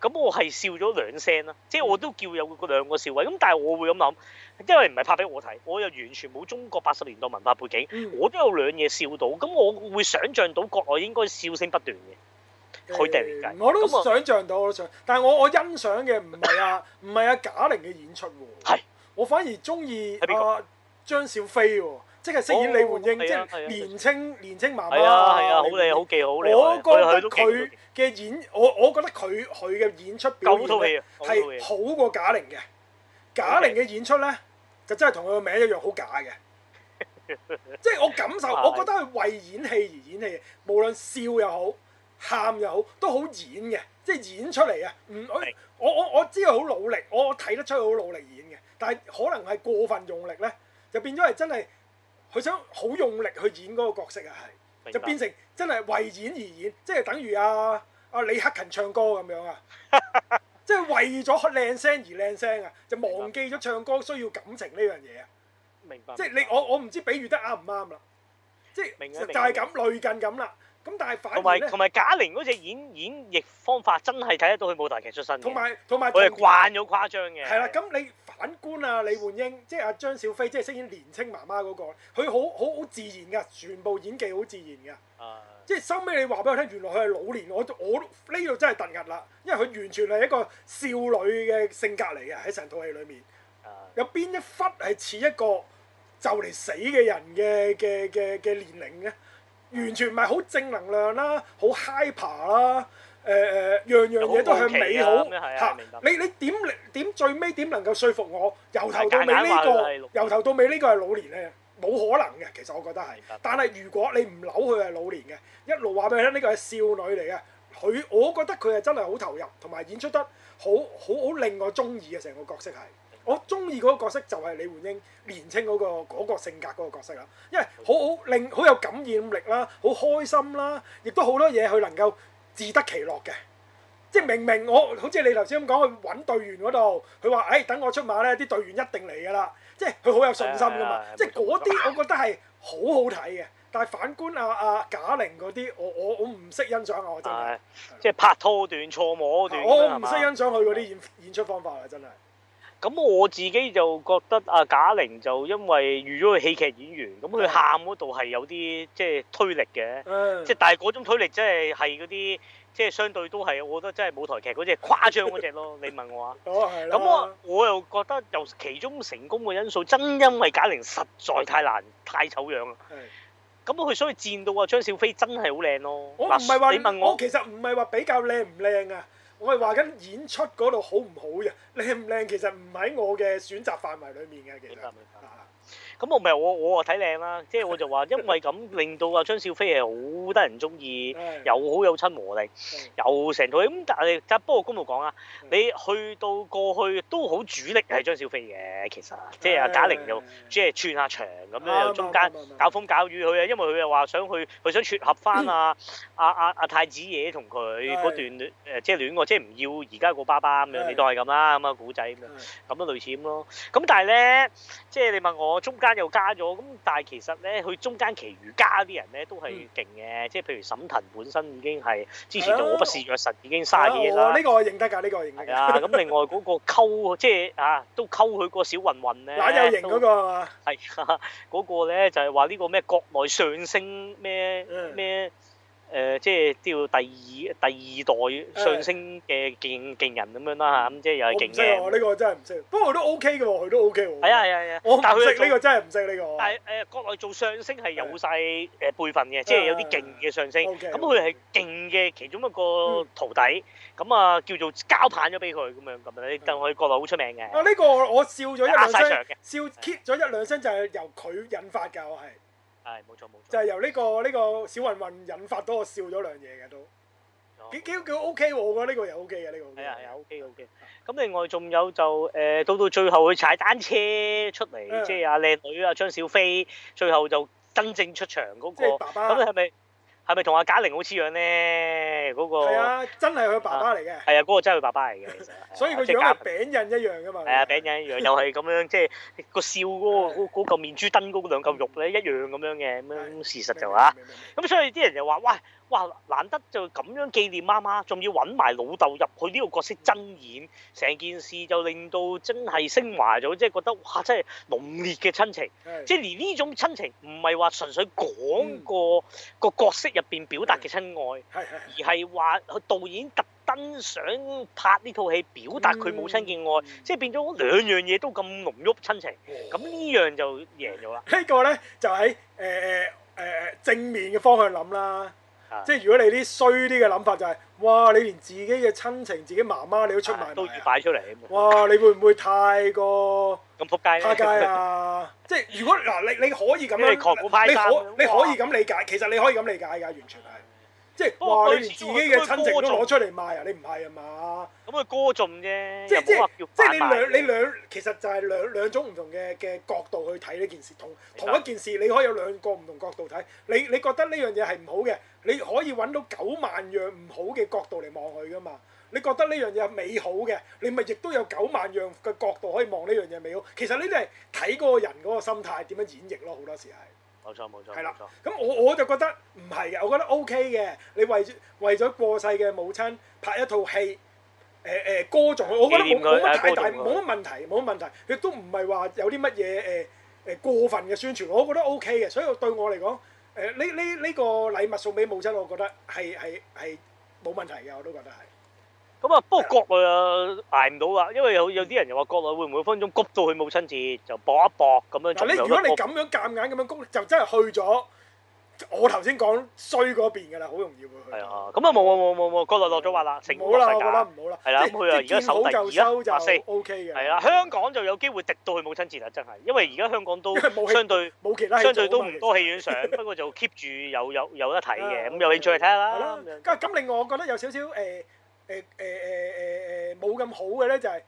咁我係笑咗兩聲啦，即係我都叫有兩個笑位，咁但係我會咁諗，因為唔係拍俾我睇，我又完全冇中國八十年代文化背景，我都有兩嘢笑到，咁我會想像到國內應該笑聲不斷嘅，佢突然間，我都想像到，但係我我欣賞嘅唔係啊，唔係啊。賈玲嘅演出喎，我反而中意啊，係邊個？張小斐喎，即係飾演李煥英，即係年青年青媽媽，係啊係啊，好靚好記好靚，我覺得佢。嘅演，我我覺得佢佢嘅演出表演咧係了好過賈玲嘅，賈玲嘅演出咧 Okay. 就真係同佢個名一樣好假嘅， 即係我感受，我覺得係為演戲而演戲，無論笑又好、喊又好，都好演嘅，即係演出嚟啊！唔我是我我我知佢好努力，我睇得出佢好努力演嘅，但係可能係過分用力咧，就變咗係真係佢想好用力去演嗰個角色啊，係白就變成。真係為演而演，即係等於阿、啊、阿、啊、李克勤唱歌咁樣啊！ 即係為咗靚聲而靚聲啊，就忘記咗唱歌需要感情呢樣嘢啊！明白，即係你我我唔知比喻得啱唔啱啦。即係就係咁類近咁啦。咁但係反同埋同埋賈玲嗰隻演演繹方法真係睇得到佢舞台劇出身，同埋同埋佢係慣咗誇張嘅。係啦，咁你反觀啊李煥英，即係阿張小斐，即係飾演年青媽媽嗰、那個，佢好好好自然㗎，全部演技好自然㗎。啊、即係收尾你話俾我聽，原來佢係老年，我我呢度真係突兀啦，因為佢完全係一個少女嘅性格嚟嘅喺成套戲裡面。啊、有邊一忽係似一個就嚟死嘅人嘅嘅嘅嘅年齡咧？完全唔係好正能量啦，好 hyper 啦、呃，誒誒樣樣嘢都向美好嚇、嗯。你你點點最尾點能夠説服我？由頭到尾呢、呢個由頭到尾呢個係老年咧。冇可能嘅，其實我覺得係。但係如果你唔扭佢係老年嘅，一路話俾你聽，呢個係少女嚟嘅。佢我覺得佢係真係好投入，同埋演出得好好好，令我中意嘅成個角色係。我中意嗰個角色就係李煥英年青嗰個嗰個性格嗰個角色啦，因為好好令好有感染力啦，好開心啦，亦都好多嘢佢能夠自得其樂嘅。即係明明我好，好似你頭先咁講去揾隊員嗰度，佢話：誒、欸，等我出馬咧，啲隊員一定嚟㗎啦。即係佢好有信心㗎嘛。哎、即係嗰啲，我覺得係好好睇嘅。但係反觀阿、啊、阿、啊、賈玲嗰啲，我我我唔識欣賞啊！我真係，啊、即係拍拖段、錯摸段，啊、我唔識欣賞佢嗰啲演演出方法啊！真係。咁我自己就覺得阿賈玲就因為預咗佢戲劇演員，咁佢喊嗰度係有啲即係推力嘅，即係、嗯、但係嗰種推力真係係嗰啲。即係即係相對都係，我覺得真係舞台劇嗰隻誇張嗰隻咯。 你問我啊，咁我、oh, 我又覺得由其中成功嘅因素，真因為賈玲實在太難太醜樣啊。咁佢的所以戰到啊，張小斐真係好靚咯。嗱，唔係話你問我，我其實唔係話比較靚唔靚啊，我係話緊演出嗰度好唔好嘅，靚唔靚其實唔喺我嘅選擇範圍裡面嘅，其實。美麗美麗咁我唔係我我話睇靚啦，即係我就話，因為咁令到阿張小飛係好得人鍾意，又好有親和力，又成套咁。但係但係，不過公道講啊，你去到過去都好主力係張小飛嘅，其實即係啊賈玲又即係串下場咁樣，又中間搞風搞雨佢啊，因為佢又話想去佢想撮合翻啊啊啊啊太子爺同佢嗰段誒即係戀愛，即係唔要而家個爸爸咁樣，你都係咁啦，咁啊古仔咁樣，咁都類似咁咯。咁但係咧，即係你問我中間。加又加咗，咁但係其實咧，佢中間其餘加啲人咧都係勁嘅，即係、嗯、譬如沈騰本身已經係之前就我不是藥神已經嘥嘢啦。呢、啊這個我認得㗎，呢、這個我認得㗎。咁 另外嗰個溝，即係啊，都溝佢、嗰個小混混咧。嗱，有型嗰個係嘛？係、就、嗰、是、個咧就係話呢個咩國內上升咩咩？誒，即係叫第二第二代相聲嘅勁勁人咁樣啦嚇，咁即係又係勁嘅。唔識啊，呢個真係唔識。不過都 OK 嘅喎，佢都 OK 喎。啊係啊係啊。但佢識呢個真係唔識呢個。但係誒，國內做相聲係有晒誒輩分嘅，即係有啲勁嘅相聲。O 咁佢係勁嘅其中一個徒弟，咁啊叫做交棒咗俾佢咁樣咁啊，但係國內好出名嘅。啊！呢個我笑咗一兩聲，笑 keep 咗一兩聲就係由佢引發㗎，我係。係，冇錯冇錯，錯錯就係由呢、這個呢、這個小云云引發到我笑咗兩嘢嘅都，幾幾幾 OK 喎，我覺得呢個又 OK 嘅呢、啊、個、OK，係啊係啊，OK OK。咁另外仲有就誒，到、呃、到最後去踩單車出嚟，啊、即係阿靚女阿張小斐，最後就真正出場嗰、那個，咁你係咪？係咪同阿賈玲好似樣咧？嗰、嗰個啊，真係佢爸爸嚟嘅。係啊，嗰、嗰個真係佢爸爸嚟嘅，其實。 所以佢樣餅印一樣噶嘛。係啊，餅印一樣，又係咁樣，即係個笑嗰個面珠燈嗰兩嚿肉咧一樣咁樣嘅咁樣事實就話、是。咁 所以啲人就話，哇！哇！難得就咁樣紀念阿媽、媽，仲要揾埋老豆入去呢個角色爭演，成件事就令到真係升華咗，即係覺得哇！真係濃烈嘅親情，是的 即係連呢種親情唔係話純粹講個、嗯、個角色入邊表達嘅親愛，而係話佢導演特登想拍呢套戲表達佢母親嘅愛，嗯、即係變咗兩樣嘢都咁濃郁親情。咁呢、哦、樣就贏咗啦。呢、嗯這個呢，就喺誒誒誒正面嘅方向諗啦。即係如果你啲衰啲嘅諗法就係、是，哇！你連自己嘅親情、自己媽媽你都出賣嚟，都二擺出嚟。哇！你會唔會太過咁撲街咧？太街啊！ 即係如果嗱，你你可以咁樣你你以，你可你可以咁理解，哇其實你可以咁理解㗎，完全係。即係話你連自己嘅親情都攞出嚟賣啊！你唔係呀嘛？咁佢歌頌啫，即係即係即係你兩你兩其實就係兩兩種唔同嘅嘅角度去睇呢件事，同同一件事你可以有兩個唔同角度睇。你你覺得呢樣嘢係唔好嘅，你可以揾到九萬樣唔好嘅角度嚟望佢噶嘛？你覺得呢樣嘢係美好嘅，你咪亦都有九萬樣嘅角度可以望呢樣嘢美好。其實呢啲係睇嗰個人嗰個心態點樣演繹咯，好多時係。冇錯冇錯，係啦。咁的錯我我就覺得唔係嘅，我覺得 O K 嘅。你為為咗過世嘅母親拍一套戲，誒、呃、誒、呃、歌頌，我覺得冇冇乜太大冇乜問題，冇乜問題。亦都唔係話有啲乜嘢誒誒過分嘅宣傳，我覺得 O K 嘅。所以我對我嚟講，誒呢呢呢個禮物送俾母親，我覺得係係係冇問題嘅，我都覺得係。咁啊，不過國內捱唔到啦，因為有有啲人又話國內會唔會分分鐘谷到佢母親節，就搏一搏咁樣。但如果你咁樣夾硬咁樣谷，就真係去咗我頭先講衰嗰邊噶啦，好容易會去。係啊，咁啊冇冇冇冇冇，國內落咗滑啦，成個世界。唔好啦，我覺得唔好啦。係啦，即係而家手底而家四 OK 嘅。係啦，香港就有機會滴到佢母親節啦，真係，因為而家香港都相對冇其他相對都唔多戲院上，不過就 keep 住有有有得睇嘅，咁有興趣睇下啦。咁另外我覺得有少少誒。誒誒誒誒誒冇咁好嘅咧，就係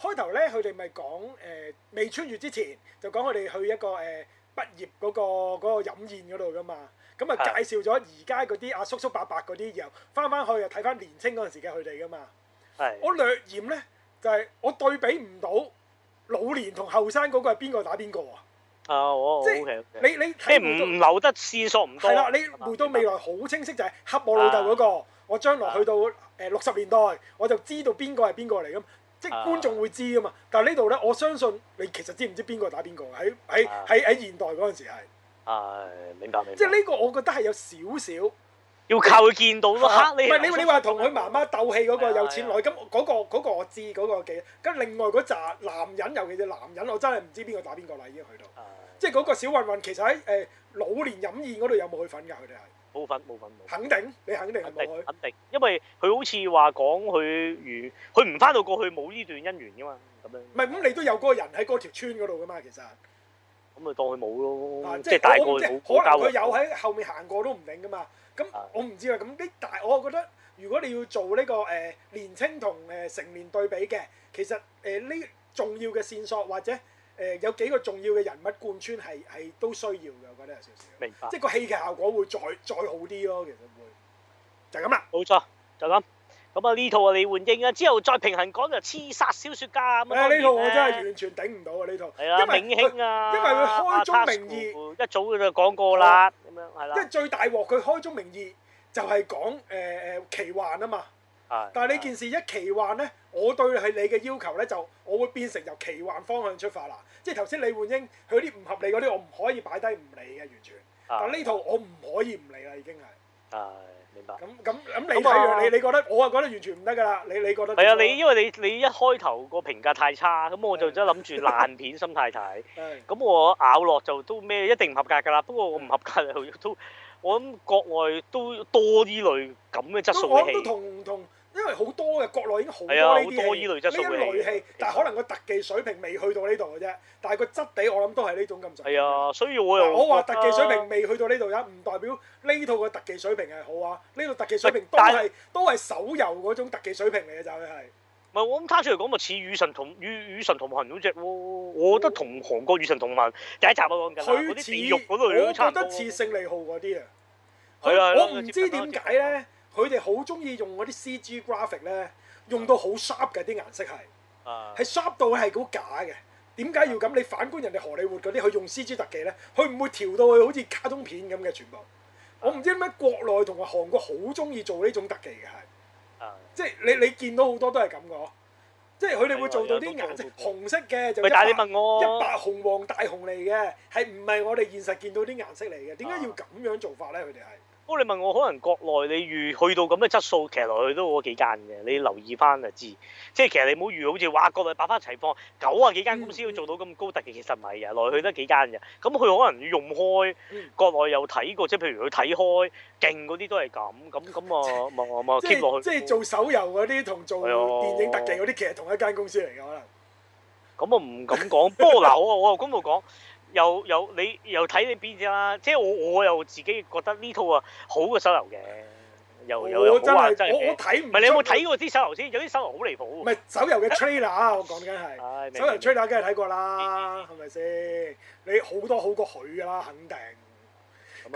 開頭咧，佢哋咪講誒未穿越之前，就講佢哋去一個誒、呃、畢業嗰、那個嗰、那個、飲宴嗰度噶嘛。咁啊介紹咗而家嗰啲阿叔叔伯伯嗰啲，然後翻翻去又睇翻年青嗰陣時嘅佢哋噶嘛。係的。我略嫌咧，就係、是、我對比唔到老年同後生嗰個係邊個打邊個啊！啊，即係 okay, okay. 你你睇唔到即係唔留得線索唔多係啦。你回到未來好清晰就係、是、恰我老豆嗰個，啊、我將來去到。誒六十年代，我就知道邊個係邊個嚟咁，即係觀眾會知噶嘛。啊、但係呢度咧，我相信你其實知唔知邊個打邊個喺喺喺喺現代嗰陣時係，啊。明白明白。即係呢個，我覺得係有少少。要靠佢見到啦。唔係，啊、不你你話同佢媽媽鬥氣嗰個有錢女，咁嗰，啊嗰個嗰個我知嗰，嗰個嘅。咁另外嗰紮男人，尤其是男人，我真係唔知邊個打邊個啦已經去到。啊、即係嗰個小混混，其實喺誒、呃、老年飲宴嗰度有冇去瞓㗎？佢哋係。冇份冇份冇！肯定你肯定唔去，肯定因為佢好似話講佢與佢唔翻到過去冇呢段姻緣噶嘛，咁樣。唔係咁，你都有個人喺嗰條村嗰度噶嘛，其實。咁咪當佢冇咯，即係大概。可能佢有喺後面行過都唔定噶嘛。咁我唔知啊。咁呢但係我覺得，如果你要做呢個誒年青同誒成年對比嘅，其實誒呢重要嘅線索或者。誒有幾個重要嘅人物貫穿係係都需要嘅，我覺得有少少。明白，即係個戲劇效果會再再好啲咯，其實會就係咁啦，冇錯就咁。咁啊呢套啊嚟換應李煥英啊，之後再平衡講就刺殺小説家啊，呢套我真係完全頂唔到啊！呢套係啦，明星啊，因為佢開宗明義，一早就講過啦，咁樣係啦，因為最大鑊佢開宗明義就係講誒誒奇幻啊嘛。但係呢件事一奇幻咧，我對係你嘅要求咧就，我會變成由奇幻方向出發啦。即係頭先李煥英佢啲唔合理嗰啲，我唔可以擺低唔理嘅完全。但呢套我唔可以唔理啦，已經係。係、啊，明白。咁咁咁你睇、啊、你你覺得我啊覺得完全唔得㗎啦，你你覺得？係啊，你因為你你一開頭個評價太差，咁我就真諗住爛片心態睇。係。咁我咬落就都咩一定唔合格㗎啦。不過我唔合格又都，我諗國外都多呢類咁嘅質素都我都同同因為好多嘅國內已經好多呢啲呢啲類戲，但係可能個特技水平未去到呢度嘅啫。但係個質地我諗都係呢種咁滯。啊，所以我又我話特技水平未去到呢度啫，唔代表呢套嘅特技水平係好啊。呢套特技水平都係都係手遊嗰種特技水平嚟嘅就係。唔係我咁攤出嚟講，咪似與神同與神同行嗰隻我覺得同韓國與神同行第一集啊，嗰啲地獄嗰度有啲差唔多，我覺得似勝利號嗰啲啊。佢我唔知點解咧。佢哋好中意用嗰啲 C.G.Graphic 咧，用到好 sharp 嘅啲顏色係，係、啊、sharp 到係好假嘅。點解要咁？啊、你反觀人哋荷里活嗰啲，佢用 C.G. 特技咧，佢唔會調到去好似卡通片咁嘅全部。啊、我唔知點解國內同埋韓國好中意做呢種特技嘅係，啊、即係你你見到好多都係咁個，即係佢哋會做到啲顏色紅色嘅就100，你問我，一白紅黃大紅嚟嘅，係唔係我哋現實見到啲顏色嚟嘅？點解要咁樣做法咧？佢哋係。哦，你問我可能國內你預去到咁嘅質素，其實來去都嗰幾間嘅，你留意翻就知。即係其實你唔好預好似話國內百花齊放，九啊幾間公司可做到咁高特技，其實唔係嘅，來去都幾間嘅。咁佢可能用開國內有睇過，即係譬如佢睇開勁嗰啲都係咁。咁咁啊，冇冇 keep 落去。即係做手遊嗰啲同做電影特技嗰啲，哎、呀其實同一間公司嚟嘅可能。咁我唔敢講波樓啊！我喺公度講。又你又你又睇你邊隻啦，即係我我又自己覺得呢套啊好過手遊嘅，又又又好玩真嘅。唔係你有冇睇過啲手遊先？有啲手遊好離譜。唔係手遊嘅 trailer 我講緊係手遊 trailer，梗係睇過啦，係咪先？是是你好多好過佢㗎啦，肯定。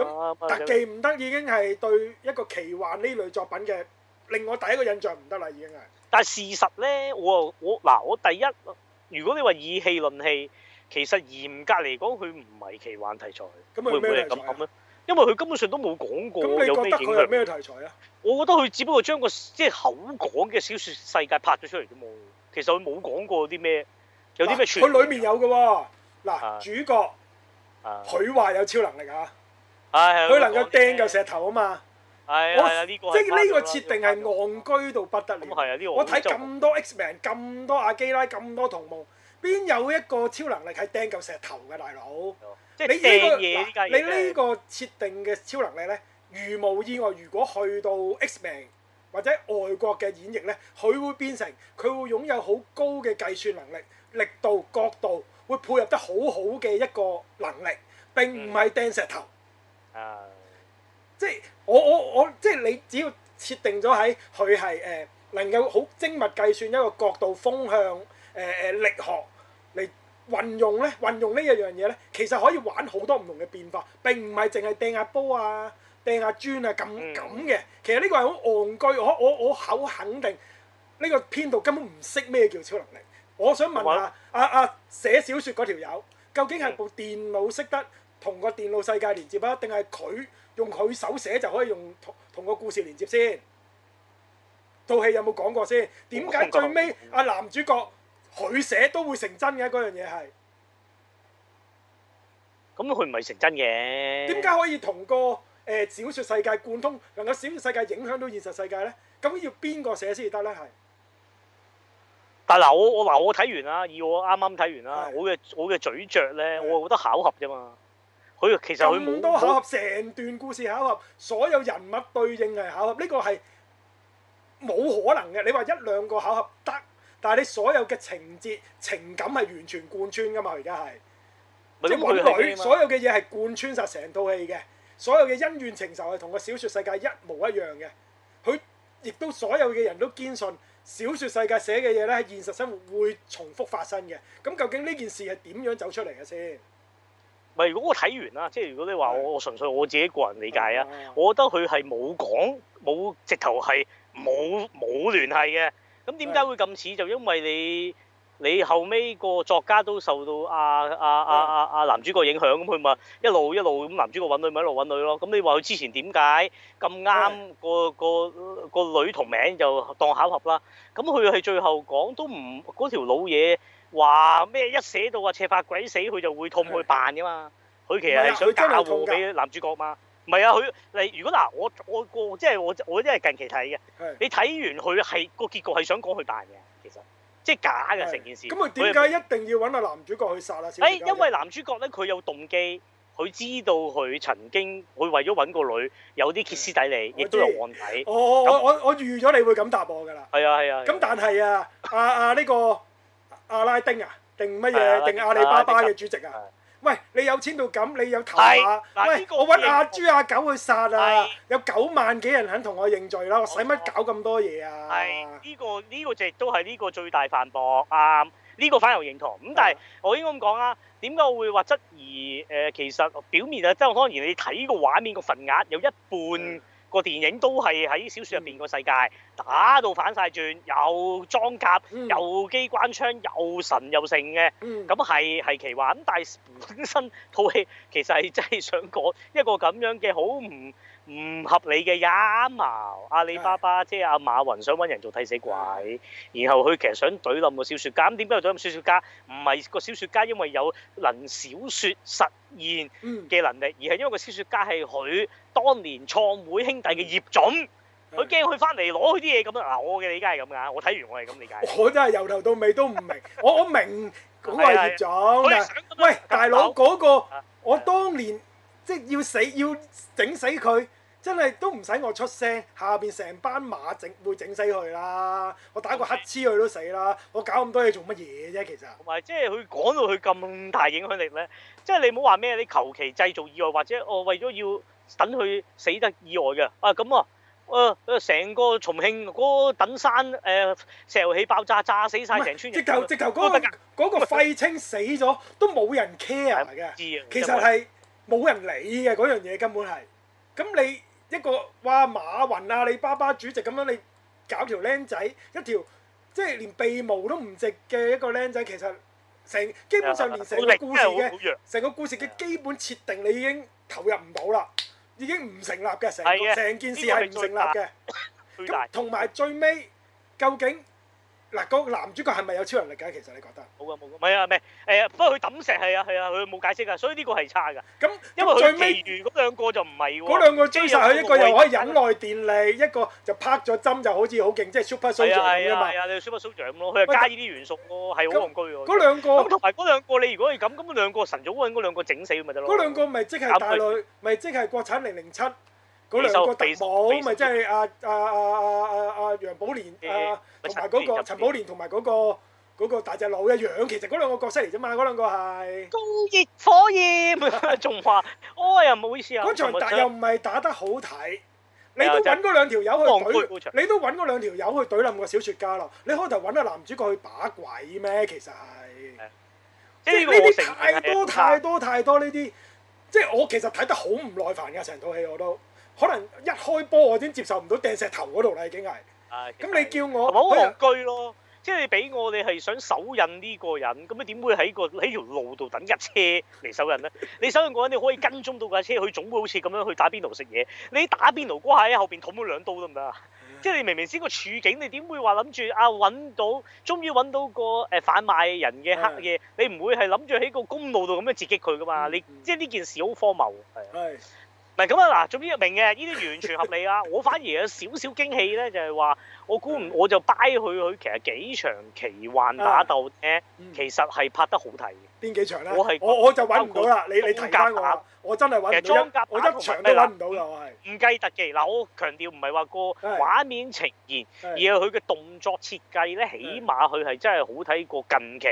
咁、嗯、那特技唔得已經係對一個奇幻呢類作品嘅，令我第一個印象唔得啦，已經係。但係事實咧，我我嗱我，我第一，如果你話以戲論戲。其實嚴格嚟講，佢唔係奇幻題材，咁會咩題材？咁樣，因為佢根本上都冇講過有咩。咁你覺得佢係咩題材啊？我覺得佢只不過將個即係口講嘅小説世界拍咗出嚟啫嘛。其實佢冇講過啲咩，有啲咩傳。佢裡面有嘅喎、哦，嗱、啊、主角，佢話、啊、有超能力啊，佢、啊啊、能夠掟個石頭啊嘛。係啊，呢個即係呢個設定係戇居到不得了。我，我睇咁多 X-Men，咁多阿基拉，咁多童夢，邊有一個超能力係掟嚿石頭嘅大佬、呢個？即係你呢個你呢個設定嘅超能力呢？如無意外，如果去到 X-Men 或者外國嘅演繹呢，佢會變成佢會擁有好高嘅計算能力、力度、角度，會配合得好好嘅一個能力，並唔係掟石頭。嗯、啊。即係我我我即係你只要設定咗喺佢係誒能夠好精密計算一個角度、風向誒誒、呃、力學，嚟運用咧，運用呢一樣嘢咧，其實可以玩好多唔同嘅變化，並唔係淨係掟下波啊、掟下磚啊咁咁嘅。其實呢個係好戇居，我我我好肯定呢個編導根本唔識咩叫超能力。我想問下阿阿寫小説嗰條友，究竟係部電腦識得同個電腦世界連接啊，定係佢？用佢手寫就可以用同同個故事連接先，套戲有冇講過先？點解最尾阿男主角佢寫都會成真嘅？嗰樣嘢係，咁佢唔係成真嘅。點解可以同個誒小說世界貫通，能夠小說世界影響到現實世界咧？咁要邊個寫先得咧？係，但嗱我我嗱我睇完啦，以我啱啱睇完啦，我嘅我嘅咀嚼咧，我係覺得巧合啫嘛。佢其實佢冇咁多巧合，成段故事巧合，所有人物對應係巧合，呢個係冇可能嘅。你話一兩個巧合得，但係你所有嘅情節、情感係完全貫穿噶嘛？而家係，即係女所有嘅嘢係貫穿曬成套戲嘅，所有嘅恩怨情仇係同個小説世界一模一樣嘅。佢亦都所有嘅人都堅信，小説世界寫嘅嘢咧喺現實生活會重複發生嘅。咁究竟呢件事係點樣走出嚟嘅先？唔係，如果我睇完啦，即係如果你話我，我純粹我自己個人理解啊，的我覺得佢係冇講，冇直頭係冇冇聯繫嘅。咁點解會咁似？就因為你你後尾個作家都受到啊啊啊阿阿、啊、男主角影響咁，佢咪一路一路咁男主角揾女咪一路揾女咯。咁你話佢之前點解咁啱個個個女同名就當巧合啦？咁佢係最後講都唔嗰條老嘢。話咩？哇，一寫到話赤髮鬼死，佢就會痛佢扮噶嘛。佢其實係想嫁禍俾男主角嘛、啊？唔係啊，佢你如果嗱，我我我即係我我即係近期睇嘅。你睇完佢係個結局係想講佢扮嘅，其實即係假嘅成件事、哎他他。咁佢點解一定要揾阿男主角去殺啦、啊？誒，哎、因為男主角咧，佢有動機，佢知道佢曾經佢為咗揾個女有啲歇斯底里，亦都有案底。我、啊、我我我預咗你會咁答我噶啦、嗯。係啊係 autobi Cred sti 啊。咁但係啊，阿阿呢個。阿拉丁啊？定乜嘢？定、啊、阿里巴巴嘅主席啊？啊喂，你有錢到咁，你有頭馬，是喂，我揾阿豬阿狗去殺啊！是有九萬幾人肯同我認罪啦，是我使乜搞咁多嘢啊？呢、這個呢、呢個就都係呢個最大飯博啊呢個，反而認同咁。但係的我應該咁講啊？點解我會話質疑？誒、呃，其實表面啊，即、就、係、是、當然你睇個畫面個份額有一半，個電影都係喺小說入邊個世界、嗯、打到反晒轉，又裝甲，嗯、又機關槍，又神又聖嘅，咁係係奇幻。咁但係本身套戲其實係真係想講一個咁樣嘅好唔～唔合理嘅陰謀，阿里巴巴即係阿馬雲想揾人做替死鬼，然後佢其實想懟冧個小說家。咁點解又懟冧小說家？唔係個小說家，因為有能小說實現嘅能力，而係因為個小說家係佢當年創會兄弟嘅葉總。佢驚佢翻嚟攞佢啲嘢咁啊！嗱，我嘅理解係咁㗎，我睇完我係咁理解。我真係由頭到尾都唔明。我我明，係葉總喂，大佬嗰個我當年即係要死要整死佢。真係都唔使我出聲，下邊成班馬整會整死佢啦！Okay. 我打個乞嗤佢都死啦！我搞咁多嘢做乜嘢啫？其實同埋，即係佢講到佢咁大影響力咧，即係你冇話咩？你求其製造意外，或者我為咗要等佢死得意外㗎啊！咁啊，誒、呃、成個重慶嗰等山誒、呃、石油氣爆炸炸死晒成村人，直頭直頭嗰個廢青死咗都冇人 care 嘅，啊、其實係冇因為 人理嘅嗰樣嘢根本係咁你。一個話馬雲啊、阿里巴巴主席咁樣，你搞條靚仔一條，即係連鼻毛都唔值嘅一個靚仔，其實成基本上連成個故事嘅成 個故事嘅基本設定你已經投入唔到啦，已經唔成立嘅，成成件事係唔成立嘅。咁同埋最尾 究竟？嗱，個男主角係咪有超能力㗎？其實你覺得？冇㗎冇㗎。唔係啊，唔係，誒，不過佢抌石係啊係啊，佢冇解釋㗎，所以呢個係差㗎。咁因為最尾嗰兩個就唔係喎。嗰兩個追殺佢，一個又可以忍耐電力，一個就拍咗針就好似好勁，即係 super super 咁啊嘛。係啊係啊，係啊，super super 咁咯，佢加呢啲元素咯，係好戇居喎。嗰兩個唔係嗰兩個，你如果係咁，咁兩個神早揾嗰兩個整死咪得咯。嗰兩個咪即係大陸，咪即係國產零零七。嗰兩個特務咪即係啊啊啊啊啊啊楊寶蓮啊，同埋嗰個陳寶蓮同埋嗰個嗰個大隻佬一樣，其實嗰兩個角色嚟啫嘛，嗰兩個係高熱火焰，仲話哎呀唔好意思啊，嗰場打又唔係打得好睇，你都揾嗰兩條友去懟，你都揾嗰兩條友去懟冧個小說家咯，你開頭揾個男主角去把鬼咩？其實係呢呢啲太多太多太多呢啲，即係我其實睇得好唔耐煩㗎成套戲我都。可能一開波我，我已經接受唔到掟石頭嗰度啦，已經係。係。咁你叫我好戇居咯，即係你俾我，你係想手引呢個人，咁你點會喺個喺條路度等架車嚟手引咧？你手引個人你可以跟蹤到架車，佢總會好似咁樣去打邊爐食嘢。你打邊爐嗰下喺後邊捅咗兩刀得唔得啊？嗯、即係你明明先個處境，你點會話諗住啊揾到，終於揾到個誒販、嗯、賣，賣人嘅黑嘢，嗯、你唔會係諗住喺個公路度咁樣截擊佢噶嘛？你即係呢件事好荒謬。係、嗯。就是唔係咁啊，嗱，總之明嘅，呢啲完全合理啊！ 我反而有少少驚喜咧，就係話我估唔，我就掰佢佢其實幾場奇幻打鬥咧，啊嗯、其實係拍得好睇嘅。邊幾場咧？我係我我就揾唔到啦，你你提翻我，我,我,我真係揾唔到，我一場都揾唔到啦，我係。唔計特技，嗱，我強調唔係話個畫面呈現，而係佢嘅動作設計咧，起碼佢係真係好睇過近期。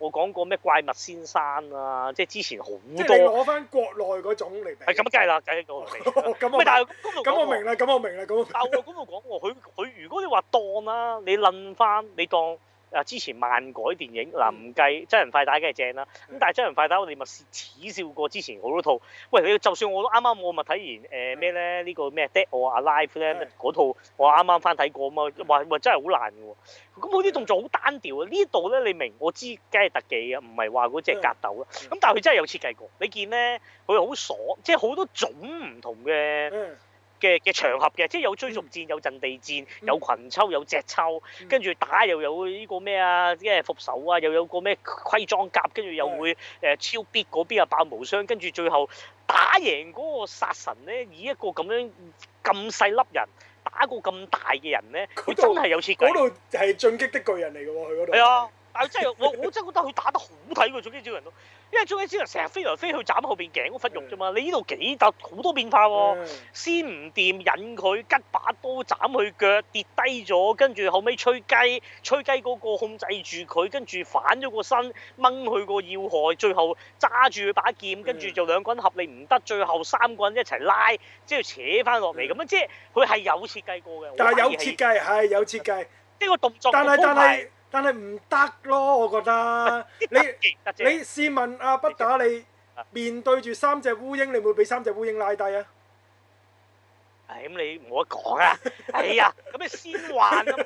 我講過咩怪物先生啊？即係之前好多。即係攞翻國內嗰種嚟。係咁啊，梗係啦，梗係我明。咁我，我明。咩？但係咁我咁我明啦，咁我明啦。咁但我咁就講喎，佢佢如果你話當啦、啊，你論翻、啊、你當、啊。你當啊啊！之前漫改電影嗱，唔、啊、計真人快打梗係正啦、啊。咁但係真人快打我哋咪係恥笑過之前好多套。喂，你就算我都啱啱我咪睇完誒咩咧？呃、呢、呢個咩 Dead or Alive 咧？嗰、嗯、套我啱啱翻睇過嘛？話真係好爛嘅喎。咁佢啲動作好單調啊！呢度咧你明，我知梗係特技啊，唔係話嗰隻格鬥咯。咁、嗯、但係佢真係有設計過。你見咧，佢好爽，即係好多種唔同嘅。嗯嗯嘅嘅場合嘅，即係有追逐戰，嗯、有陣地戰，嗯、有群抽，有隻抽，跟住、嗯、打又有呢個咩啊，即係復仇啊，又有個咩盔裝甲，跟住又會誒、嗯呃、超必嗰邊啊爆無雙，跟住最後打贏嗰個殺神咧，以一個咁樣咁細粒人打過咁大嘅人咧，佢、嗯、真係有設計。嗰度係進擊的巨人嚟㗎喎，佢嗰度。係啊。但、 啊、真係我我真覺得佢打得好睇喎！總之超人咯，因為超人成日飛來飛去斬後邊頸嗰忽肉啫嘛。 你呢度幾突好多變化喎，啊， 先唔掂引佢，吉把刀斬佢腳跌低咗，跟住後尾吹雞，吹雞嗰個控制住佢，跟住反咗個身掹佢個要害，最後揸住佢把劍，跟住就兩個人合力唔得，最後三個人一齊拉，即係扯翻落嚟咁樣。即係佢係有設計過嘅，但係有設計係有設計，呢個動作。但係但係。但係唔得咯，我覺得你你試問阿、啊、不打你面對住三隻烏鴉，你會唔會俾三隻烏鴉拉低啊、哎？誒咁你冇得講啊！哎呀，咁你先幻啊！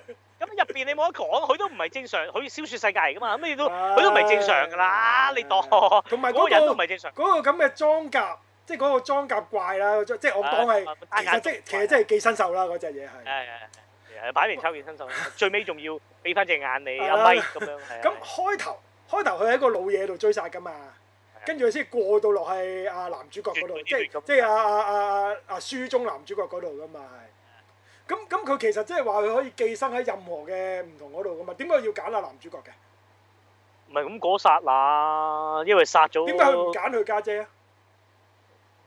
咁入邊你冇得講，佢都唔係正常，佢《小説世界》㗎嘛，咁你都佢都唔係正常㗎啦！你當同埋嗰個人都唔係正常，嗰個咁嘅裝甲，即係嗰個裝甲怪啦，即、就、係、是、我當係、哎哎、其實即其實即係寄生獸啦，嗰隻嘢係。係係、哎。擺明秋怨申訴，最尾仲要俾翻隻眼你阿咪咁樣。咁開頭開頭佢喺個老嘢度追殺㗎嘛，跟住佢先過到落去阿男主角嗰度，即係即係阿阿阿阿書中男主角嗰度㗎嘛係。咁咁佢其實即係話佢可以寄生喺任何嘅唔同嗰度㗎嘛，點解要揀阿男主角嘅？唔係咁嗰殺啦，因為殺咗。點解佢唔揀佢家姐啊？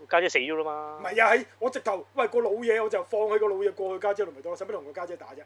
家姐，姐死咗啦嘛！唔係啊，喺我直頭，喂個老嘢，我就放佢個老嘢過去家姐同咪得使乜同個家姐打啫？誒、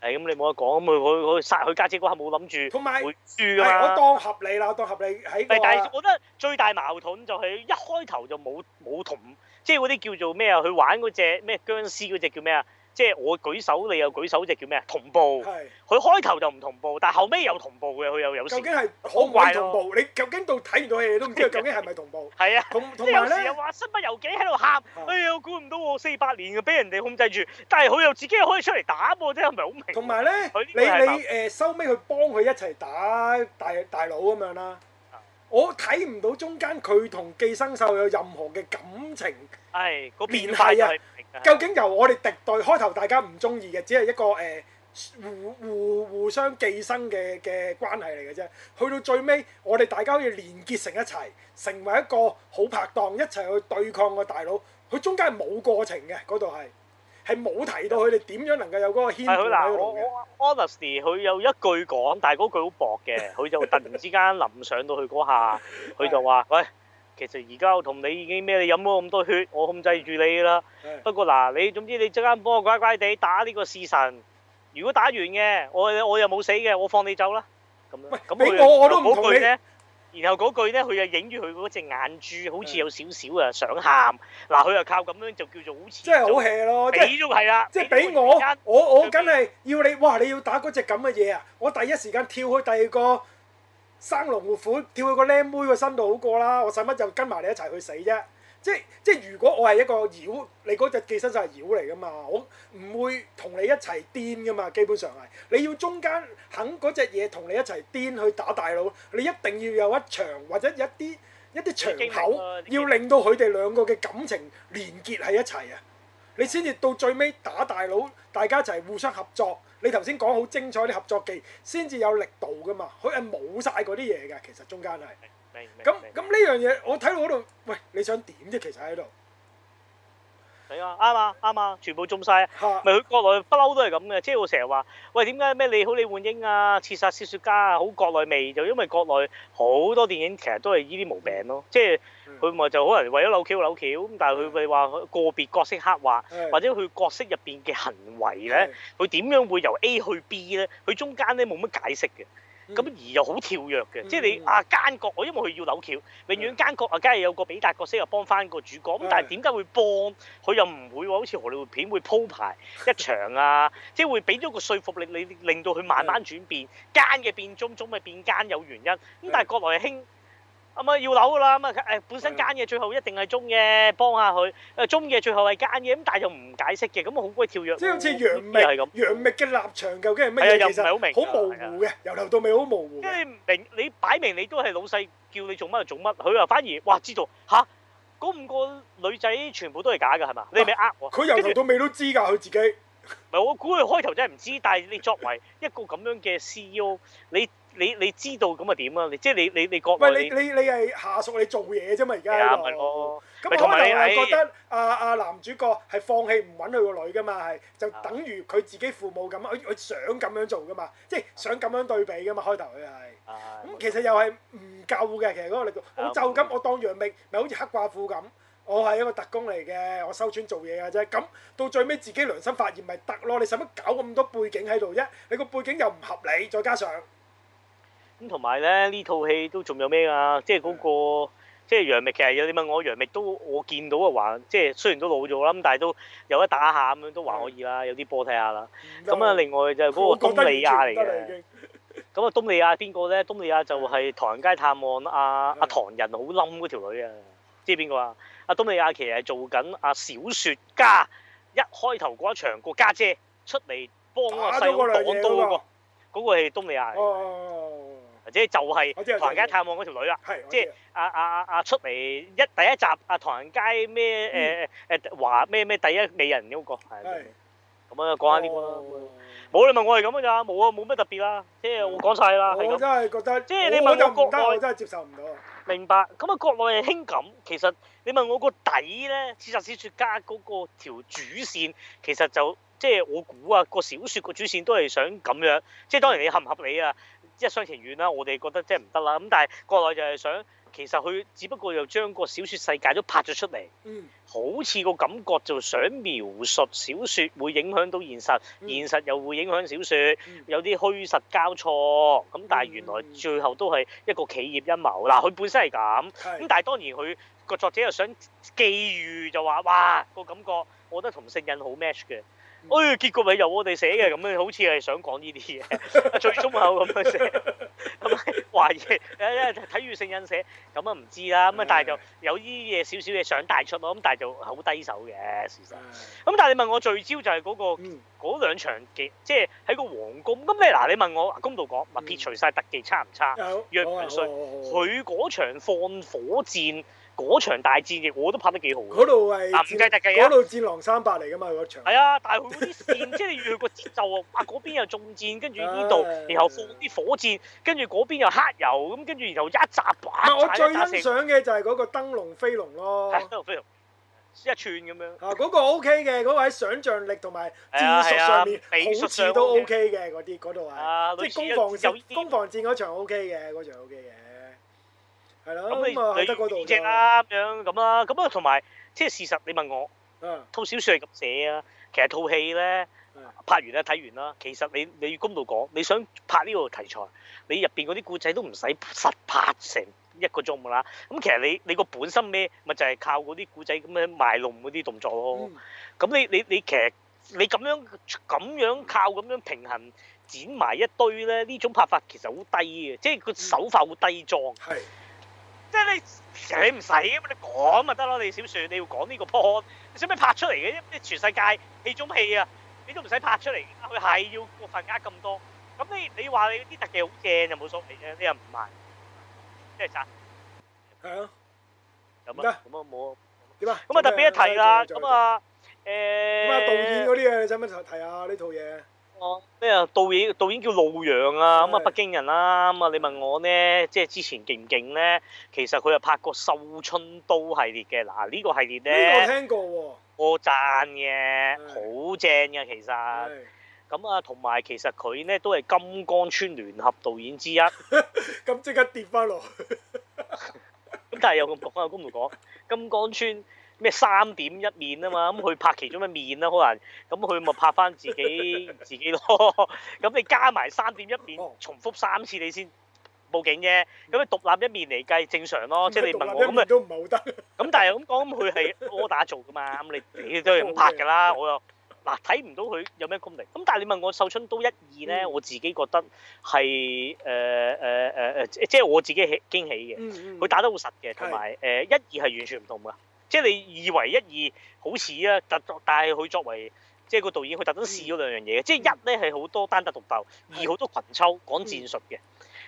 哎，咁、嗯、你冇得講，咁佢佢佢殺佢家姐嗰下冇諗住，同埋係我當合理啦，我當合理喺、哎哎。但係我覺得最大矛盾就係一開頭就冇冇同，即係嗰啲叫做咩啊？佢玩嗰隻咩僵屍嗰隻叫咩啊？即係我舉手，你又舉手，嗰隻叫咩啊？同步。係是。佢開頭就唔同步，但係後尾又同步嘅，佢又有時。究竟係可唔可以同步？你究竟到睇唔到戲都唔知究竟係咪同步？係啊的。同即有時又話身不由己喺度喊，的哎呀！我估唔到我四百年嘅俾人哋控制住，但係佢又自己又可以出嚟打喎，即係咪好明？同埋咧。呢你你誒收尾去幫佢一齊打大大，大佬咁樣啦。的我睇唔到中間佢同寄生獸有任何嘅感情。係的。個變態究竟由我哋敵對開頭，大家唔中意嘅，只係一個誒互互互相寄生嘅嘅關係嚟嘅啫。去到最尾，我哋大家可以連結成一齊，成為一個好拍檔，一齊去對抗個大佬。佢中間係冇過程嘅，嗰度係係冇提到佢哋點樣能夠有嗰個牽連喺度嘅。honestly，佢有一句講，但係嗰句好薄嘅，佢就突然之間臨上到佢嗰下，佢就話：喂！其實而家我同你已經咩？你飲咗咁多血，我控制住你啦。不過嗱，你總之你即刻幫我乖乖地打呢個弑神。如果打完嘅，我我又冇死嘅，我放你走啦。咁樣。喂，俾我我都唔同你。然後嗰句咧，佢又影住佢嗰隻眼珠，好似有少少啊，想喊。嗱，佢又靠咁樣就叫做好似。真係好 hea 咯，即係俾咗係啦，即係俾我，我我梗係要你哇！你要打嗰隻咁嘅嘢啊！我第一時間跳去第二個。生龍活虎跳去個僆妹個身度好過啦！我使乜就跟埋你一齊去死啫？即即如果我係一個妖，你嗰隻寄生獸係妖嚟噶嘛？我唔會同你一齊癲噶嘛，基本上係你要中間肯嗰隻嘢同你一齊癲去打大佬，你一定要有一場或者一啲一啲場口，啊、要令到佢哋兩個嘅感情連結喺一齊啊！你先至到最尾打大佬，大家一齊互相合作。你頭先講好精彩啲合作技，先至有力度噶嘛？佢係冇晒嗰啲嘢嘅，其實中間係。咁咁呢樣嘢，嗯嗯、我睇到嗰度，喂，你想點啫？其實喺度。係啊，啱啊，啱啊，全部中晒啊！咪佢 國內不嬲都係咁嘅，即係我成日話，喂，點解咩你好李煥英啊，刺殺小說家啊，好國內味，就因為國內好多電影其實都係依啲毛病咯，即係佢咪就可能為咗扭橋扭橋，咁但係佢咪話個別角色刻畫，或者佢角色入邊嘅行為咧，佢點樣會由 A 去 B 咧？佢中間咧冇乜解釋嘅。咁、嗯、而又好跳躍嘅，嗯嗯、即係你啊奸角，我因為佢要扭橋，永、嗯、遠，遠奸角啊，梗係有個比達角色又幫翻個主角。咁、嗯、但係點解會幫？佢又唔會喎，好似荷里活片會鋪排一場啊，嗯、即係會俾咗個說服力，你令到佢慢慢轉變、嗯、奸嘅變忠，忠咪變奸有原因。咁但係國內係興。咁啊，要樓噶啦，咁啊，誒本身奸嘅最後一定係忠嘅，幫下佢，誒忠嘅最後係奸嘅，咁但係就唔解釋嘅，咁好鬼跳躍。即係好似楊冪係咁，楊冪嘅立場究竟係乜嘢？又唔係好明，好模糊嘅，由頭到尾好模糊。即係明你擺明你都係老細，叫你做乜就做乜。佢又反而哇，知道嚇嗰五個女仔全部都係假㗎係嘛？你係咪呃我？佢由頭到尾都知㗎，佢自己唔係，我估佢開頭真係唔知，但係你作為一個咁樣嘅 CEO，你。你你知道咁啊？點啊？你即係你你你國內喂，你你你係下屬，你做嘢啫嘛？而家係啊，唔係咯。咁同埋咧，覺得啊，阿男主角係放棄唔揾佢個女噶嘛？係就等於佢自己父母咁，佢佢想咁樣做噶嘛？即係想咁樣對比噶嘛？開頭佢係咁，其實又係唔夠嘅。其實嗰個力度我就咁，我當楊冪咪好似黑寡婦咁，我係一個特工嚟嘅，我收錢做嘢嘅啫。咁到最尾自己良心發現，咪得咯？你使乜搞咁多背景喺度啫？你個背景又唔合理，再加上～咁同埋咧，呢套戲都仲有咩啊？即係嗰個即係、就是、楊冪。其實有啲問我，楊冪都我見到啊，還即係雖然都老咗啦，咁但係都有得打下咁樣都還可以啦，有啲波睇下啦。咁啊行，另外就嗰個東利亞嚟嘅。咁啊， 東利亞邊個咧？東利亞就係《唐人街探案、啊》啊。阿唐仁好冧嗰條女啊，知邊個啊？阿東利亞其實係做緊阿小說家一開頭嗰一場個家姐，姐出嚟幫阿細佬擋刀嗰個，嗰個係東利亞。Oh, oh, oh, oh, oh. 即係就係唐人街探案嗰條女啦，即係阿阿阿阿出嚟一第一集阿唐人街咩誒誒華咩咩第一美人嗰個，係咁啊，講下呢個啦，冇你問我係咁啊咋，冇啊冇咩特別啦，即係我講曬啦，係咁。我真係覺得，即係你問我國內真係接受唔到。明白，咁啊，國內係興咁，其實你問我個底咧，刺殺小説家嗰個條主線，其實就即係我估啊，個小説個主線都係想咁樣，即係當然你合唔合理啊？一廂情願啦，我哋覺得即係唔得啦。咁但係國內就係想，其實佢只不過又將個小説世界都拍咗出嚟，好似個感覺就想描述小説會影響到現實，現實又會影響小説，有啲虛實交錯。咁但係原來最後都係一個企業陰謀喇，佢本身係咁。咁但係當然佢個作者又想寄寓，就話哇個感覺，我覺得同《聖印》好 match 嘅。哎，結局咪由我哋寫嘅，咁 樣好似係想講呢啲嘢， 最終又咁樣寫，咁懷疑，睇住聖人寫，咁啊唔知啦，咁啊但係就有啲嘢少少嘢想帶出咯，咁但係就好低手嘅事實。咁 但係你問我聚焦就係嗰、嗰個嗰 兩場即係喺個皇宮。咁你嗱你問我，公道講，咪撇除晒特技差唔差？楊冪瑞佢嗰場放火戰。嗰場大戰亦我都拍得幾好，嗰度係啊唔計特技嗰度《戰狼三》百嚟㗎嘛嗰場，係啊，但係佢啲線即係佢個節奏啊，哇！嗰邊又中箭，跟住呢度，然後放啲火箭，跟住嗰邊又黑油，咁跟住然後一集叭，我最想嘅就係嗰個燈籠飛龍咯，燈籠飛龍一串咁樣。啊，嗰個 O K 嘅，嗰個喺想像力同埋戰術上面，好似都 O K 嘅嗰啲，嗰度係即係攻防戰，攻防戰嗰場 O K 嘅，嗰場 O K 嘅。係、嗯嗯、啦，咁你你二隻啊咁樣咁啦，咁啊同埋即係事實。你問我、嗯、套小説係咁寫啊，其實套戲咧、嗯、拍完咧睇完啦。其實你你要公道講，你想拍呢個題材，你入邊嗰啲故仔都唔使實拍成一個鐘噶啦。咁其實你你個本身咩咪就係靠嗰啲故仔咁樣賣弄嗰啲動作咯。咁你你你其實你咁樣咁樣靠咁樣平衡剪埋一堆咧，呢種拍法其實好低嘅，即係個手法好低檔。嗯即係你，其實你唔使嘅嘛，你講咪得咯。你小説你要講呢個 point，你想唔想拍出嚟嘅？即係全世界戲中戲啊，你都唔使拍出嚟，佢係要個份額咁多。咁你你話你啲特技好正就冇所謂啫，你又唔賣，即係賺。係啊，咁咁啊冇啊點啊？咁啊特別一提啦，咁啊誒點啊導演嗰啲嘢，你使唔使提提下呢套嘢？咩啊？導演導演叫路陽啊，咁啊的北京人啦，啊，咁、嗯、啊你問我咧，即係之前勁唔勁咧？其實佢係拍過《繡春刀》系列嘅，嗱、啊、呢、呢個系列咧，呢個我聽過喎，哦，我讚嘅，好正嘅其實，咁啊同埋其實佢咧都係金剛川聯合導演之一，咁即刻跌翻落，去。咁 但係有個講有公道講，金剛川。」咩三點一面啊嘛，咁佢拍其中一面啦、啊？可能咁佢咪拍翻自己自己咯。咁 你加埋三點一面，重複三次你先報警啫。咁啊，獨立一面嚟計正常咯。嗯、即係你問我咁啊，都冇得。咁 但係咁講，佢係柯打做噶嘛。咁你你都係咁拍㗎啦。哦 okay. 我又嗱睇唔到佢有咩功力。咁但係你問我秀春刀一二呢、二咧、嗯，我自己覺得係誒誒誒誒，即係我自己起驚喜嘅。佢打得好實嘅，同埋誒一、二係完全唔同㗎。即係你二為一二，好似啊，但作但係佢作為即係個導演，佢特登試咗兩樣嘢。即係一咧係好多單打獨鬥，二好多群抽講戰術嘅。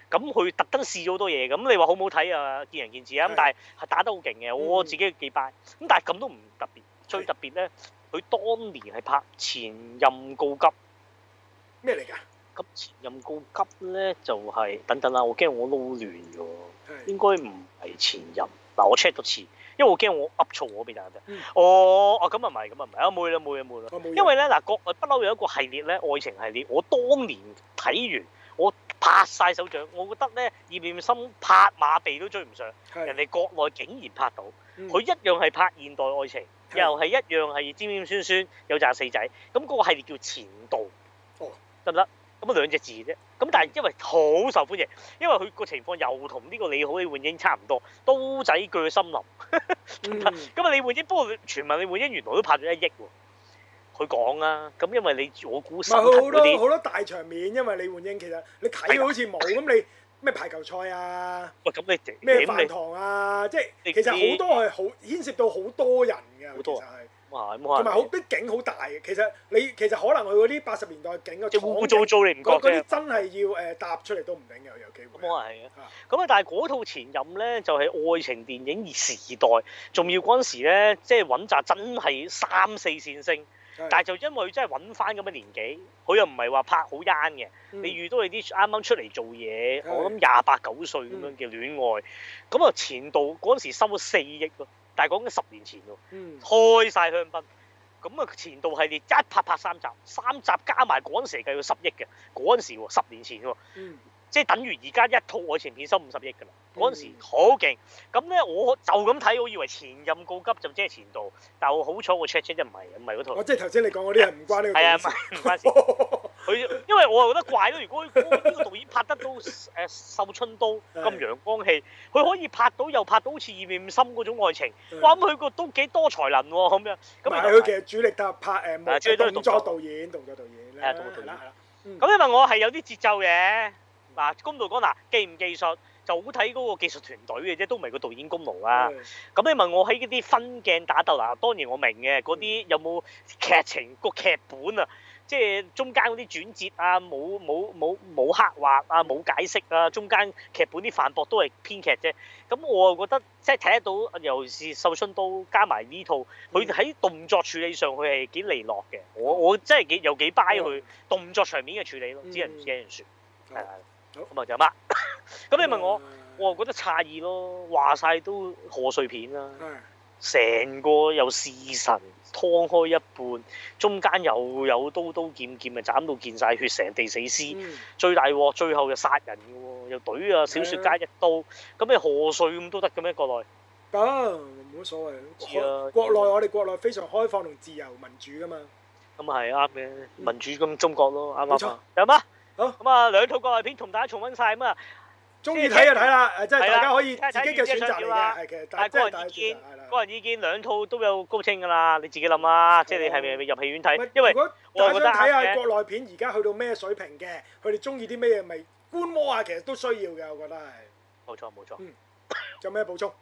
咁佢特登試咗好多嘢。咁你話好唔好睇啊？見仁見智啊。咁但係係打得好勁嘅，我自己幾拜。咁但係咁都唔特別。最特別咧，佢當年係拍前任告急咩嚟㗎？咁前任告急咧就係等等啦，我驚我撈亂咗。應該唔係前任嗱，我 check 咗次。因為我驚我噏錯我邊架啫，嗯、哦，啊咁啊唔係，咁啊唔係啊妹啦妹啦妹啦。因為咧嗱，國內不嬲有一個系列咧，愛情系列，我當年睇完我拍晒手掌，我覺得咧葉念琛拍馬鼻都追唔上，的人哋國內竟然拍到，佢、嗯、一樣係拍現代愛情，的又係一樣係尖尖酸酸有扎四仔，咁嗰個系列叫前度，得唔得？行咁啊兩隻字啫，咁但係因為好受歡迎，因為佢個情況又同呢個《你好李煥英》差唔多，刀仔鋸森林。 嗯。咁啊《李煥英》不過傳聞《李煥英》原來都拍咗一億喎，佢講啊，咁因為你我估收緊嗰啲好多大場面，因為《李煥英》其實你睇好似冇咁你咩排球賽啊？喂，咁你整咩飯堂啊？你即係你其實多好多係好牽涉到好多人嘅。好多係。同埋好啲景好大嘅，其實你其實可能佢嗰啲八十年代景個，即係烏烏糟糟，你唔覺得？嗰啲真係要誒、呃、搭出嚟都唔頂，有機會冇可能係嘅，咁的啊但係嗰套前任咧就係、是、愛情電影而時代，仲要嗰陣時咧即係揾扎真係三四線星，的但係就因為真係揾翻咁嘅年紀，佢又唔係話拍好 young 嘅，嗯、你遇到你啲啱啱出嚟做嘢，的我諗廿八九歲咁樣嘅戀愛，咁啊的、嗯、前度嗰陣時收咗四億咯。但係講緊十年前喎，嗯、開晒香檳，咁啊前度系列一拍拍三集，三集加埋嗰陣時計要十億嘅，嗰陣時十年前喎，嗯、即係等於而家一套愛情片收五十億㗎啦，嗰陣時好勁。咁咧我就咁睇，我以為前任告急就即係前度，但係我好彩我 check check 真係唔係，唔係嗰套。我即係頭先你講嗰啲係唔關呢個啊，唔係唔關事。 佢因為我又覺得怪咯，如果呢個導演拍得到誒《秀春刀》咁陽光氣，佢可以拍到又拍到好似《二面心》嗰種愛情，哇！咁佢個都幾多才能喎咁樣。咁其實主力都拍誒動作導演，動作導演咧。係啦。咁你問我係有啲節奏嘅。嗱，公道講嗱，技唔技術就好睇嗰個技術團隊嘅啫，都唔係個導演功勞啊。咁你問我喺啲分鏡打鬥嗱，當然我明嘅嗰啲有冇劇情個劇本啊？即係中間嗰啲轉折啊，冇冇冇冇黑畫啊，冇解釋啊，中間劇本啲飯博都係編劇啫。咁我又覺得即係睇得到，尤其是《受身刀》加埋呢套，佢喺動作處理上佢係幾利落嘅。我我真係幾有幾掰 u y 佢動作場面嘅處理咯。只能一人説，係係。咁啊、嗯嗯嗯嗯、就咁啦。咁、 嗯嗯嗯、你問我，我覺得差異咯。話晒都破碎片啦。嗯嗯嗯嗯嗯嗯成個有侍神，劏開一半，中間又有刀刀劍劍啊，斬到見晒血，成地死屍。嗯、最大喎，最後就殺人嘅喎，又懟啊，小說加一刀。咁你賀歲咁都得嘅咩？國內，梗冇乜所謂啦。國、啊、國內我哋國內非常開放同自由民主嘅嘛。咁啊係啱嘅，民主咁中國咯，啱唔啱？有咩吧？好咁錯、嗯、啊，嗯、啊兩套國內片同大家重溫曬啊！中意睇就睇啦，即係大家可以自己嘅選擇啦。係，其實大家個人意見，個人意見，兩套都有高清㗎啦。你自己諗啊，即係你係咪入戲院睇？因為我想睇下國內片而家去到咩水平嘅，佢哋中意啲咩嘢，咪觀摩下，其實都需要嘅。我覺得係。冇錯，冇錯。嗯。仲有咩補充？